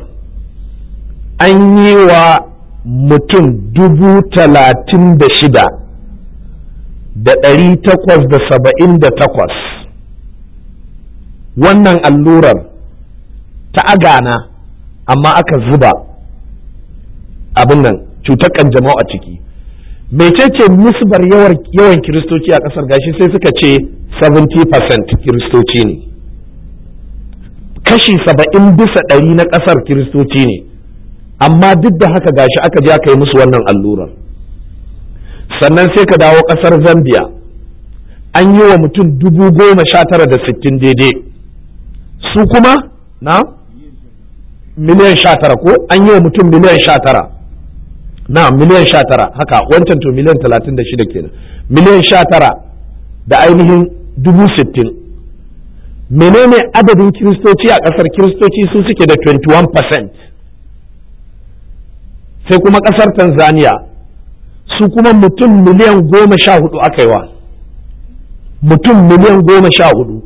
an yi wa mutum dubu talatin da shida da ɗari takwas da saba'in da takwas wannan allurar ta agana amma aka zuba abin nan cutar kanjamau a ciki ce, nisbar yawan kiristoci a ƙasar gashi sai suka ce 70% kiristoci ne kashi saba'in bisa ɗari na ƙasar kiristoci ne amma duk da haka gashi aka je aka yi musu wannan allurar sannan sai ka dawo ƙasar zambia an yi wa mutum dubu goma sha tara da sittin daidai su kuma na miliyan sha tara ko an yi wa mutum miliyan sha tara na miliyan sha tara haka wancan to miliyan talatin da shida kenan miliyan sha tara da ainihin dubu sittin menene adadin kiristoci a ƙasar kiristoci sun suke da 21% sai kuma ƙasar tanzania su kuma mutum miliyan goma sha hudu aka yi wa mutum miliyan goma sha hudu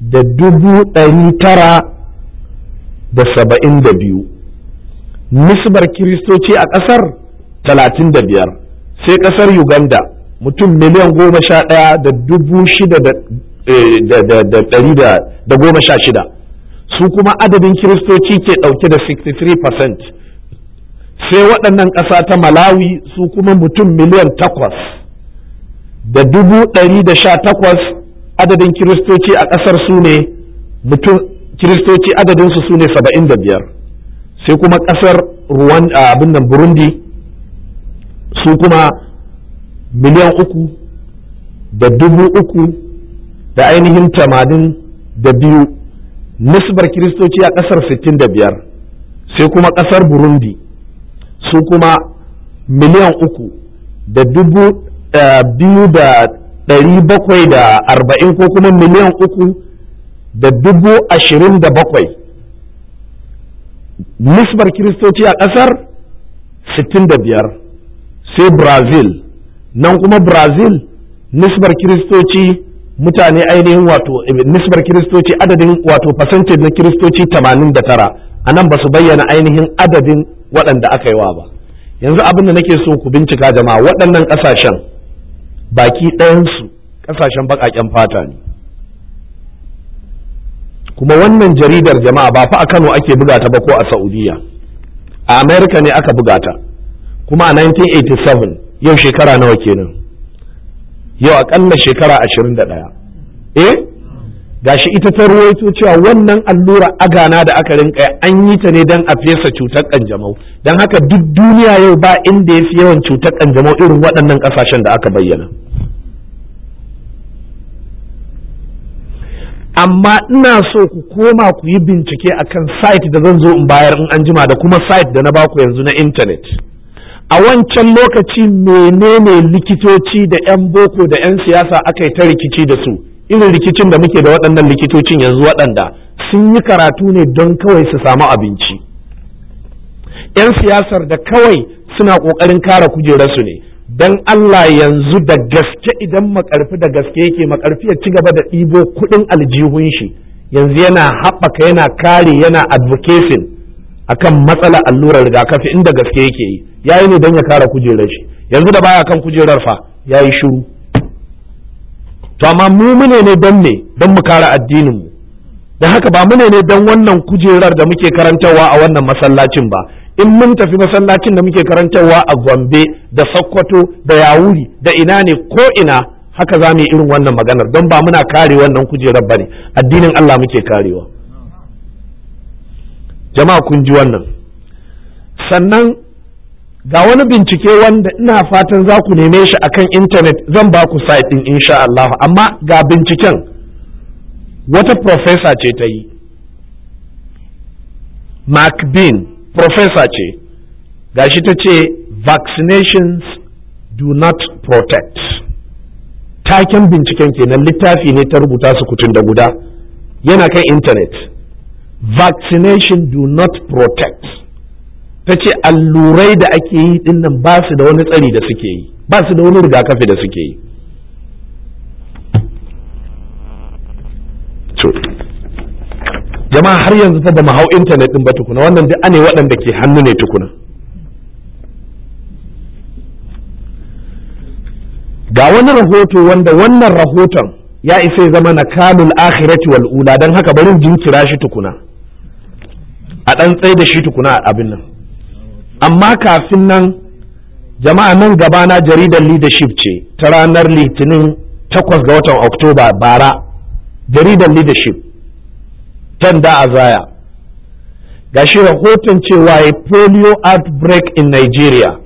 da dubu ɗari tara da saba'in da biyu nisbar kiristoci a ƙasar talatin da biyar sai ƙasar uganda mutum miliyan goma sha ɗaya da dubu shida da Eh, da goma sha shida su kuma adadin kiristoci ke ɗauke da 63% sai waɗannan ƙasa ta malawi su kuma mutum miliyan takwas da dubu ɗari da sha takwas adadin kiristoci a ƙasar su ne mutum kiristoci adadinsu su ne saba'in da biyar sai kuma ƙasar ruwan abin nan burundi su kuma miliyan uku da dubu uku da ainihin tamanin da biyu nisbar kiristoci a ƙasar sittin da biyar sai kuma ƙasar burundi su kuma miliyan uku da dubu eh, biyu da ɗari bakwai da arba'in ko kuma miliyan uku da dubu ashirin da bakwai nisbar kiristoci a ƙasar sittin da biyar sai brazil nan kuma brazil nisbar kiristoci mutane ainihin wato eh, nisbar kiristoci adadin wato fasance na kiristoci 89 a nan ba su bayyana ainihin adadin waɗanda aka yi wa ba yanzu abin da nake so ku bincika jama'a waɗannan ƙasashen baki ɗayansu ƙasashen baƙaƙen fata ne kuma wannan jaridar jama'a ba fa a kano ake buga ta ba ko a Saudiyya? a amerika ne aka buga ta kuma a 1987 yau shekara nawa kenan yau akalla shekara ashirin da ɗaya eh gashi ita ta ruwaito cewa wannan allura agana da aka rinka an yi ta ne don a fesa cutar ƙanjamau, don haka duk duniya yau ba inda ya fi yawan cutar ƙanjamau irin waɗannan ƙasashen da aka bayyana amma ina so ku koma ku yi bincike akan site da zan zo in bayar in an jima da kuma site da na baku yanzu na intanet. a wancan lokaci menene likitoci da 'yan boko da 'yan siyasa aka yi ta rikici da su irin rikicin da muke da waɗannan likitocin yanzu waɗanda sun yi karatu ne don kawai su samu abinci 'yan siyasar da kawai suna ƙoƙarin kare kujerarsu ne don Allah yanzu da gaske idan makarfi da gaske yake makarfi ya ci gaba da ɗibo kuɗin aljihun shi yanzu yana haɓaka yana kare yana advocating akan matsala allurar rigakafi inda gaske yake yi yayi ne don ya kara kujerar shi yanzu da baya kan kujerar fa yayi shiru to amma mu mune ne don me don mu kara addinin mu da haka ba mune ne don wannan kujerar da muke karantarwa a wannan masallacin ba in mun tafi masallacin da muke karantarwa a Gombe da Sokoto da Yawuri da ina ne ko ina haka za mu yi irin wannan maganar don ba muna kare wannan kujerar bane addinin Allah muke karewa jama'a kun ji wannan sannan ga wani bincike wanda ina fatan za ku neme shi akan intanet zan ba ku site din insha Allah amma ga binciken wata profesa ce ta yi Mark Bean profesa ce ga shi ta ce vaccinations do not protect taken binciken kenan littafi ne ta rubuta su kutun da guda yana kan intanet vaccination do not protect ta ce allurai da ake yi dinnan ba su da wani tsari da suke yi ba su da wani rigakafi da suke yi jama'a har yanzu ta ba hau intanet din ba tukuna wannan duk ane waɗanda ke hannu ne tukuna ga wani rahoto wanda wannan rahoton ya isa zama na kanul akhirati wal ula don haka barin jinkira shi tukuna a ɗan tsaye da shi tukuna abin nan amma kafin nan jama'a nan gaba na jaridar leadership ce ta ranar litinin 8 ga watan oktoba bara jaridar leadership can da a zaya shi rahoton cewa ya polio outbreak in nigeria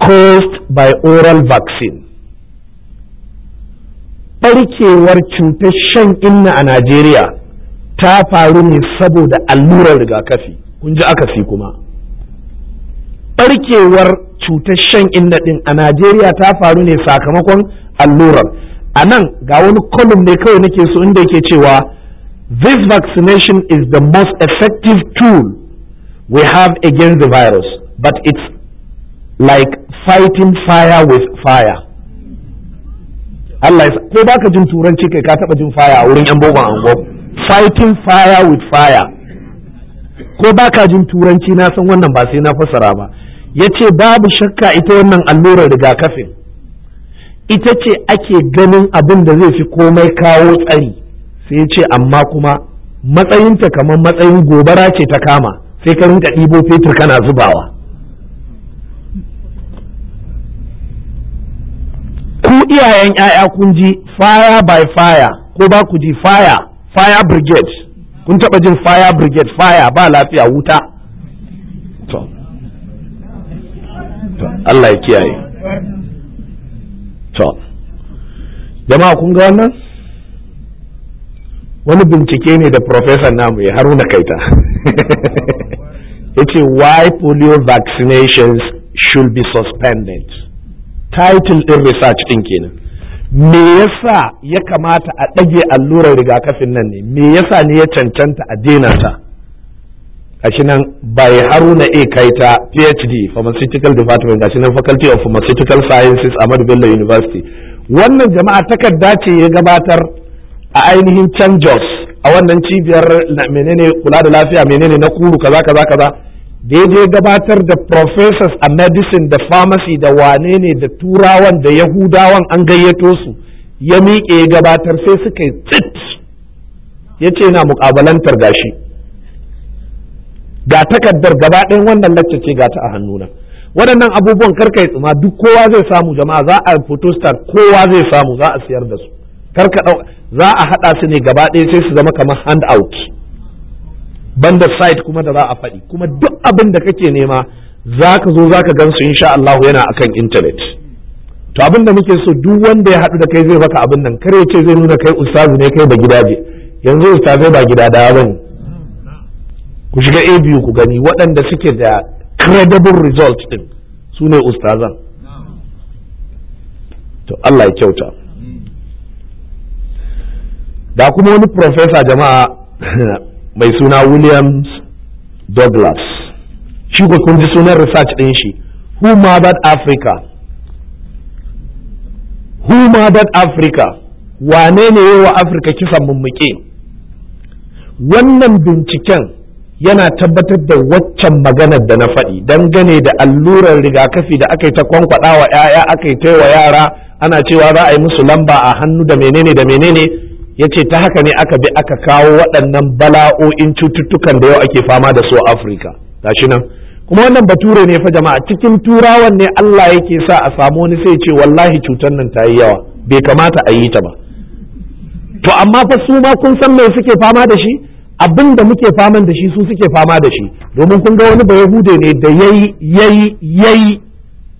caused by oral vaccine Ɓarkewar cutar shan inna a nigeria ta faru ne saboda allurar rigakafi kun ji akasi kuma barkewar cutar shan inna din a Najeriya ta faru ne sakamakon allurar a nan ga wani kolum ne kawai nake so inda yake cewa this vaccination is the most effective tool we have against the virus but it's like fighting fire with fire Allah ya ko baka jin turanci kai ka taba jin fire a wurin yan bogon angon fighting fire with fire ko baka jin turanci na san wannan ba sai na fassara ba yace babu shakka ita wannan allurar rigakafin ita ce ake ganin abin da zai fi komai kawo tsari sai ya ce amma kuma matsayinta kamar matsayin gobara ce ta kama sai ka rinka ɗibo fetur kana zubawa ku iyayen 'ya'ya kun ji fire by fire ko ba ku ji fire fire brigade kun taba jin fire brigade fire ba lafiya wuta to to Allah ya kiyaye to jama'a kun ga wannan wani bincike ne da professor namu ya haruna kaita yace ce why polio vaccinations should be suspended title din research din kenan me yasa ya kamata a ɗage allurar rigakafin nan ne me yasa ne ya cancanta a daina ta shi nan bai haruna a ta phd pharmaceutical department shi nan faculty of pharmaceutical sciences a bello university wannan jama'a takarda ce ya gabatar a ainihin canjos a wannan cibiyar menene kula da lafiya menene na kuru kaza kaza kaza daidai gabatar da professors a medicine da pharmacy da wane ne da turawan da yahudawan an gayyato su ya miƙe ya gabatar sai suka yi ya ce na muƙabalantar gashi ga takardar gaba ɗayan wannan lacce ce ga ta a hannuna waɗannan abubuwan karka yi tsuma duk kowa zai samu jama'a za a photostar kowa zai samu za a siyar da su za a haɗa su ne gaba ɗaya sai su zama kamar hand out banda site kuma da za a faɗi kuma duk abin da kake nema za ka zo za ka gansu insha Allah yana akan intanet to abin da muke so duk wanda ya haɗu da kai zai baka abin nan kar ya ce zai nuna kai ustazu ne kai ba gidaje yanzu ustazai ba gida da ba ku shiga abu ku gani waɗanda suke da credible result din su ne ustazan to Allah ya kyauta da kuma wani professor jama'a mai suna williams douglas shi ko kun ji sunan research ɗin shi who mothered africa who mothered africa wane ne yi wa afirka kisan mummuke wannan binciken yana tabbatar da waccan maganar da na faɗi dangane da allurar rigakafi da aka yi ta kwankwaɗa 'ya'ya aka yi wa yara ana cewa za a yi musu lamba a hannu da menene da menene ya ce ta haka ne aka bi aka kawo waɗannan bala'o'in cututtukan da yau ake fama da su a afirka tashi nan kuma wannan bature ne fa jama'a cikin turawan ne allah yake sa a samu wani sai ce wallahi cutar nan ta yi yawa bai kamata a yi ta ba to amma fa su ma kun san me suke fama da shi abin da muke faman da shi su suke fama da shi domin kun ga wani bayahude ne da yayi yayi yayi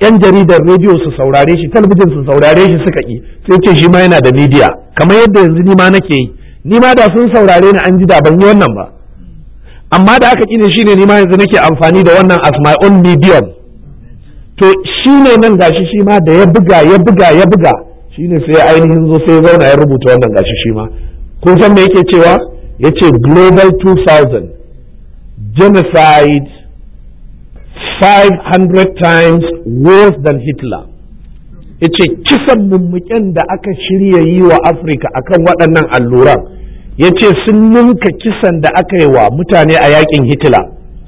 yan jaridar rediyo su saurare shi talabijin su saurare shi suka ki sai ce shi ma yana da midiya kamar yadda yanzu ni ma nake yi ni ma da sun saurare ni an ji da ban yi wannan ba amma da aka kine shine ni ma yanzu nake amfani da wannan as my own medium to shine nan gashi shi ma da ya buga ya buga ya buga shine sai ainihin zo sai zauna ya rubuta wannan gashi shi ma kun san me yake cewa yace global 2000 genocide 500 times worse than Hitler yace kisan mummuken da aka shirya yi wa Afirka akan waɗannan alluran yace sun ninka kisan da aka yi wa mutane a yakin Hitler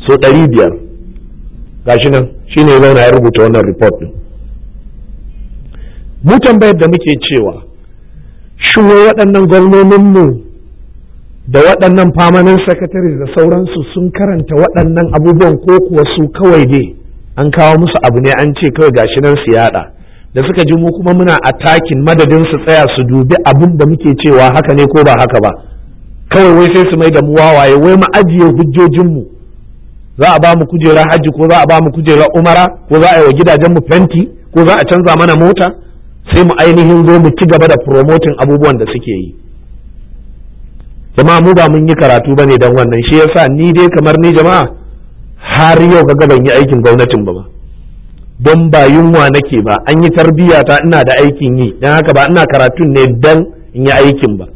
so 500 gashi nan ne zauna ya rubuta wannan report din mu tambayar da muke cewa shi waɗannan gwamnoninmu mu da waɗannan famanin secretaries da sauransu sun karanta waɗannan abubuwan ko kuwa su kawai dai an kawo musu abu ne an ce kawai gashi nan su yada da suka ji mu kuma muna attacking madadin su tsaya su dubi abin da muke cewa haka ne ko ba haka ba kawai wai sai su mai da mu wawaye wai mu ajiye hujjojinmu za a ba mu kujerar hajji ko za a ba mu kujerar umara ko za a yi wa gidajen mu fenti ko za a canza mana mota sai mu ainihin zo mu ci gaba da promoting abubuwan da suke yi jama'a mu ba mun yi karatu ba ne don wannan shi yasa ni dai kamar ni jama'a har yau kaga ban yi aikin gwamnatin ba ba don ba yunwa nake ba an yi tarbiyya ta ina da aikin yi don haka ba ina karatun ne don in yi aikin ba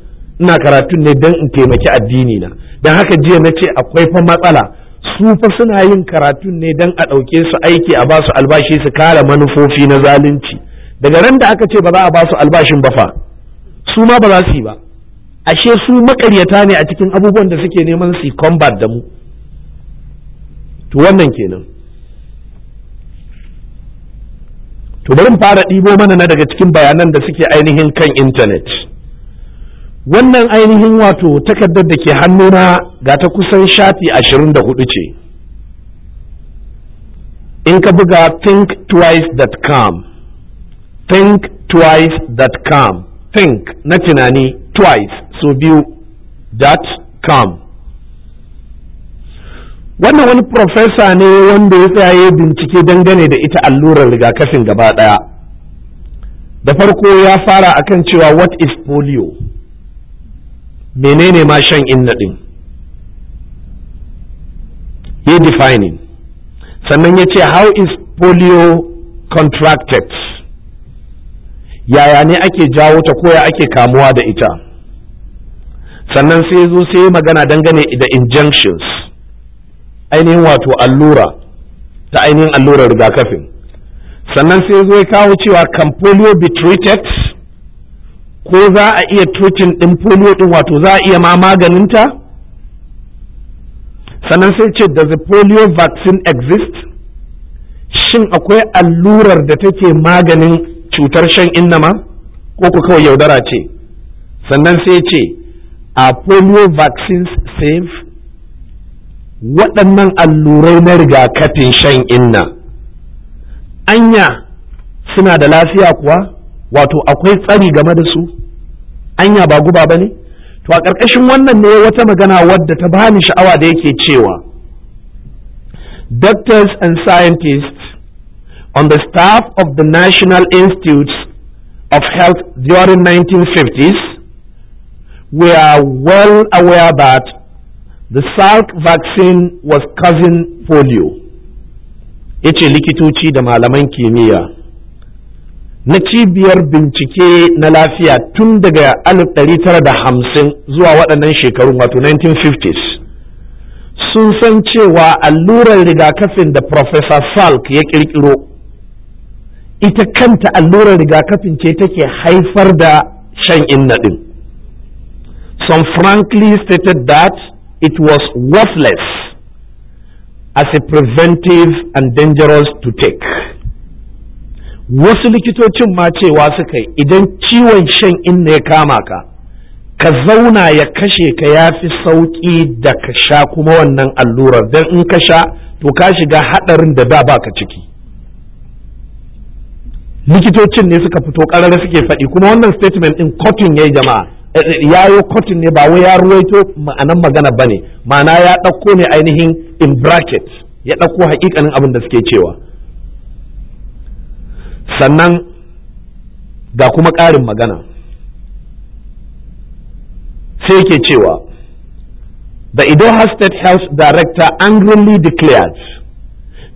ina karatun ne don in taimaki addini na don haka jiya na ce akwai fa matsala su fa suna yin karatun ne don a ɗauke su aiki a basu albashi su kare manufofi na zalunci daga ran da aka ce ba za a basu albashin ba fa su ma ba za su yi ba ashe su makaryata ne a cikin abubuwan da suke neman su combat da mu to wannan kenan to bari mu fara ɗibo mana na daga cikin bayanan da suke ainihin kan intanet wannan ainihin wato takardar da ke hannuna ga ta kusan shafi ashirin da hudu ce in ka buga thinktwice.com thinktwice.com think na tunani twice so biyu dot com wannan wani profesa ne wanda ya tsaya bincike dangane da ita allurar rigakafin gaba ɗaya da farko ya fara akan cewa what is polio menene ma shan inna ɗin ya defining sannan ya ce how is polio contracted yaya ne ake jawo ta koya ake kamuwa da ita sannan sai zo sai magana dangane da injunctions ainihin wato allura ta ainihin allurar rigakafin sannan sai zo ya kawo cewa kan polio be treated ko za a iya tocin ɗin polio ɗin wato za a iya ma maganinta sannan sai ce does the polio vaccine exist shin akwai allurar da take maganin cutar shan innama ko ku kawai yaudara ce sannan sai ce a polio vaccines safe waɗannan allurai na rigakafin shan inna anya suna da lafiya kuwa wato akwai tsari game da su anya ba guba ba ne to a ƙarƙashin wannan ne wata magana wadda ta bani sha'awa da yake cewa doctors and scientists on the staff of the national institutes of health during 1950s we are well aware that the Salk vaccine was causing polio. Ya ce likitoci da malaman kimiyya na cibiyar bincike na lafiya tun daga 1950 zuwa waɗannan shekarun wato 1950s sun san cewa allurar rigakafin da Professor Salk ya ƙirƙiro ita kanta allurar rigakafin ce take haifar da shan inna ɗin. Some frankly stated that it was worthless as a preventive and dangerous to take. Wasu likitocin ma cewa suka yi idan ciwon shan inna ya kama ka, ka zauna ya kashe ka ya fi sauƙi da ka sha kuma wannan allurar don in ka sha to ka shiga haɗarin da da baka ciki. Likitocin ne suka fito ƙarara suke faɗi kuma wannan statement ɗin kotun ya yi jama'a. Eh, ya yi kotun ne ba wai ya ruwaito ma'anan magana ba ne ma'ana ya ɗauko ne ainihin in bracket ya ɗauko haƙiƙanin abin da suke cewa sannan ga kuma ƙarin magana sai ke cewa the Idaho State Health Director angrily declared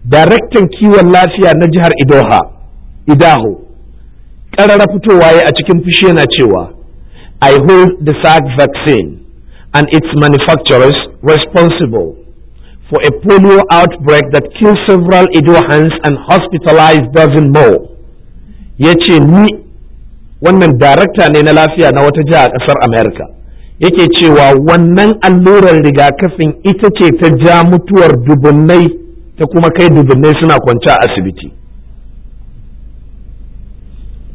Daraktan kiwon lafiya na jihar Idaho Idaho ƙarara fitowa ya a cikin fushi yana cewa I hold the sac vaccine and its manufacturers responsible for a polio outbreak that killed several Idohans and hospitalized dozen more. Ya ce ni wannan darakta ne na lafiya na wata jiha a ƙasar Amerika. Yake cewa wannan allurar rigakafin ita ce ta ja mutuwar dubunnai ta kuma kai dubunnai suna kwanci a asibiti.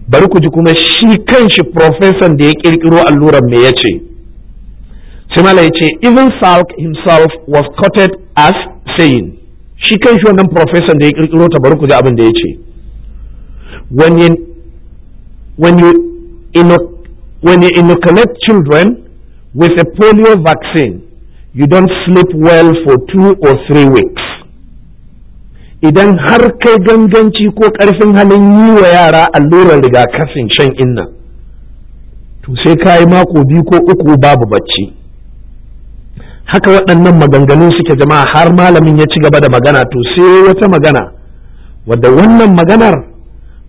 bari ku ji kuma shi kanshi profesan da ya kirkiro allurar me ya ce simala ya ce even salk himself was quoted as saying shi kanshi wannan profesan da ya kirkiro ta bari ku ji abin da ya ce when you inoculate children with a polio vaccine you don't sleep well for two or three weeks idan har kai ganganci ko ƙarfin halin yi wa yara allurar rigakafin shan inna to sai ka yi mako biyu ko uku babu bacci haka waɗannan maganganun suke jama'a har malamin ya ci gaba da magana to sai wata magana wadda wannan maganar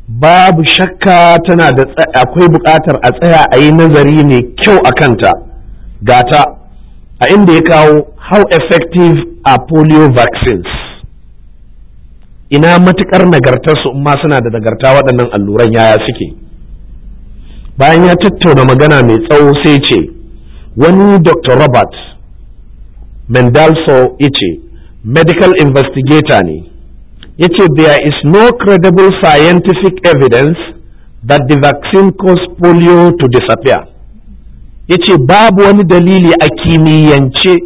babu shakka tana da akwai buƙatar a tsaya a yi nazari mai kyau a kanta gata a inda ya kawo how effective are polio vaccines ina matukar nagartarsu in ma suna da nagarta waɗannan alluran yaya suke bayan ya tattauna magana mai tsawo sai ce wani dr robert mendalso ya medical investigator ne ya ce there is no credible scientific evidence that the vaccine caused polio to disappear ya ce babu wani dalili a kimiyyance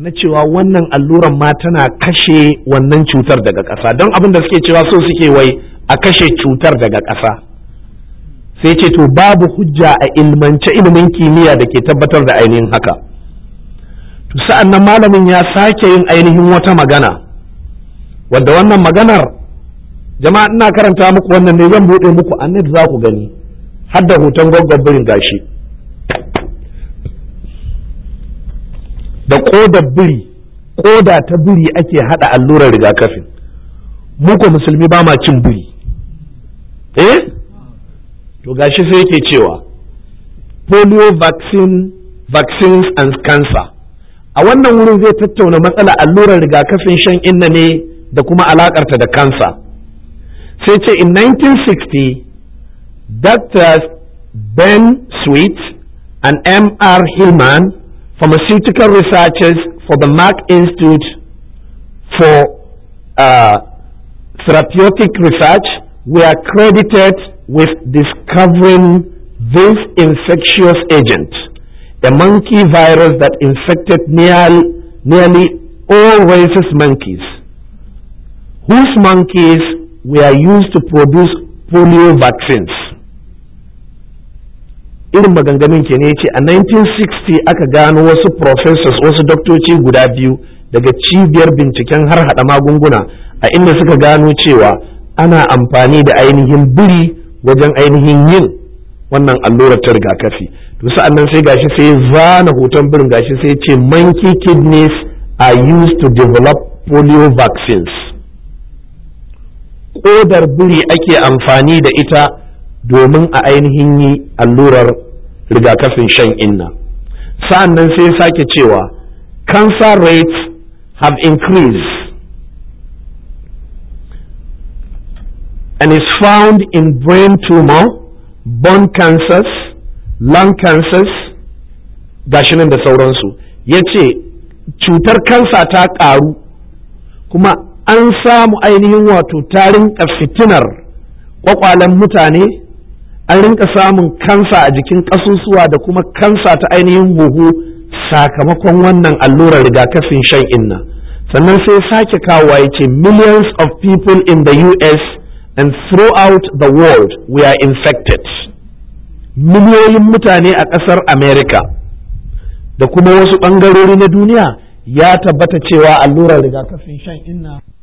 na cewa wannan alluran ma tana kashe wannan cutar daga ƙasa don abin da suke cewa so suke wai a kashe cutar daga ƙasa sai ce to babu hujja a ilmance ilimin kimiyya da ke tabbatar da ainihin haka to sa'an nan malamin ya sake yin ainihin wata magana wadda wannan maganar jama'a ina karanta muku wannan ne zan buɗe muku a za ku gani har da hoton birin gashi da ƙodar biri ƙoda ta biri ake haɗa allurar rigakafin ko musulmi ba ma cin biri eh to gashi sai yake cewa polio vaccine vaccines and cancer a wannan wurin zai tattauna matsala allurar rigakafin shan inna ne da kuma alakarta da kansa sai ce in 1960 doctors ben sweet and mr hillman pharmaceutical researchers for the Mark Institute for uh, Therapeutic Research were credited with discovering this infectious agent, a monkey virus that infected nearly, nearly all races monkeys, whose monkeys were used to produce polio vaccines. irin maganganun ke ne ya ce a 1960 aka gano wasu professors wasu doktoci guda biyu daga cibiyar binciken har hada magunguna a inda suka gano cewa ana amfani da ainihin biri wajen ainihin yin wannan allurar ta rigakafi to sa'an nan sai gashi sai zana hoton birin gashi sai ce monkey kidneys are used to develop polio vaccines kodar biri ake amfani da ita domin a ainihin yi allurar rigakafin shan inna sa'an nan sai sake cewa cancer rates have increased and is found in brain tumor bone cancers lung cancers gashinan da sauransu ya ce cutar kansa ta ƙaru kuma an samu ainihin wato tarin fitinar ƙwaƙwalen mutane an rinka samun kansa a jikin ƙasusuwa da kuma kansa ta ainihin huhu sakamakon wannan allurar rigakafin shan inna sannan sai sake kawo ya ce millions of people in the US and throughout the world we are infected miliyoyin mutane a ƙasar America da kuma wasu ɓangarori na duniya ya tabbata cewa allurar rigakafin shan inna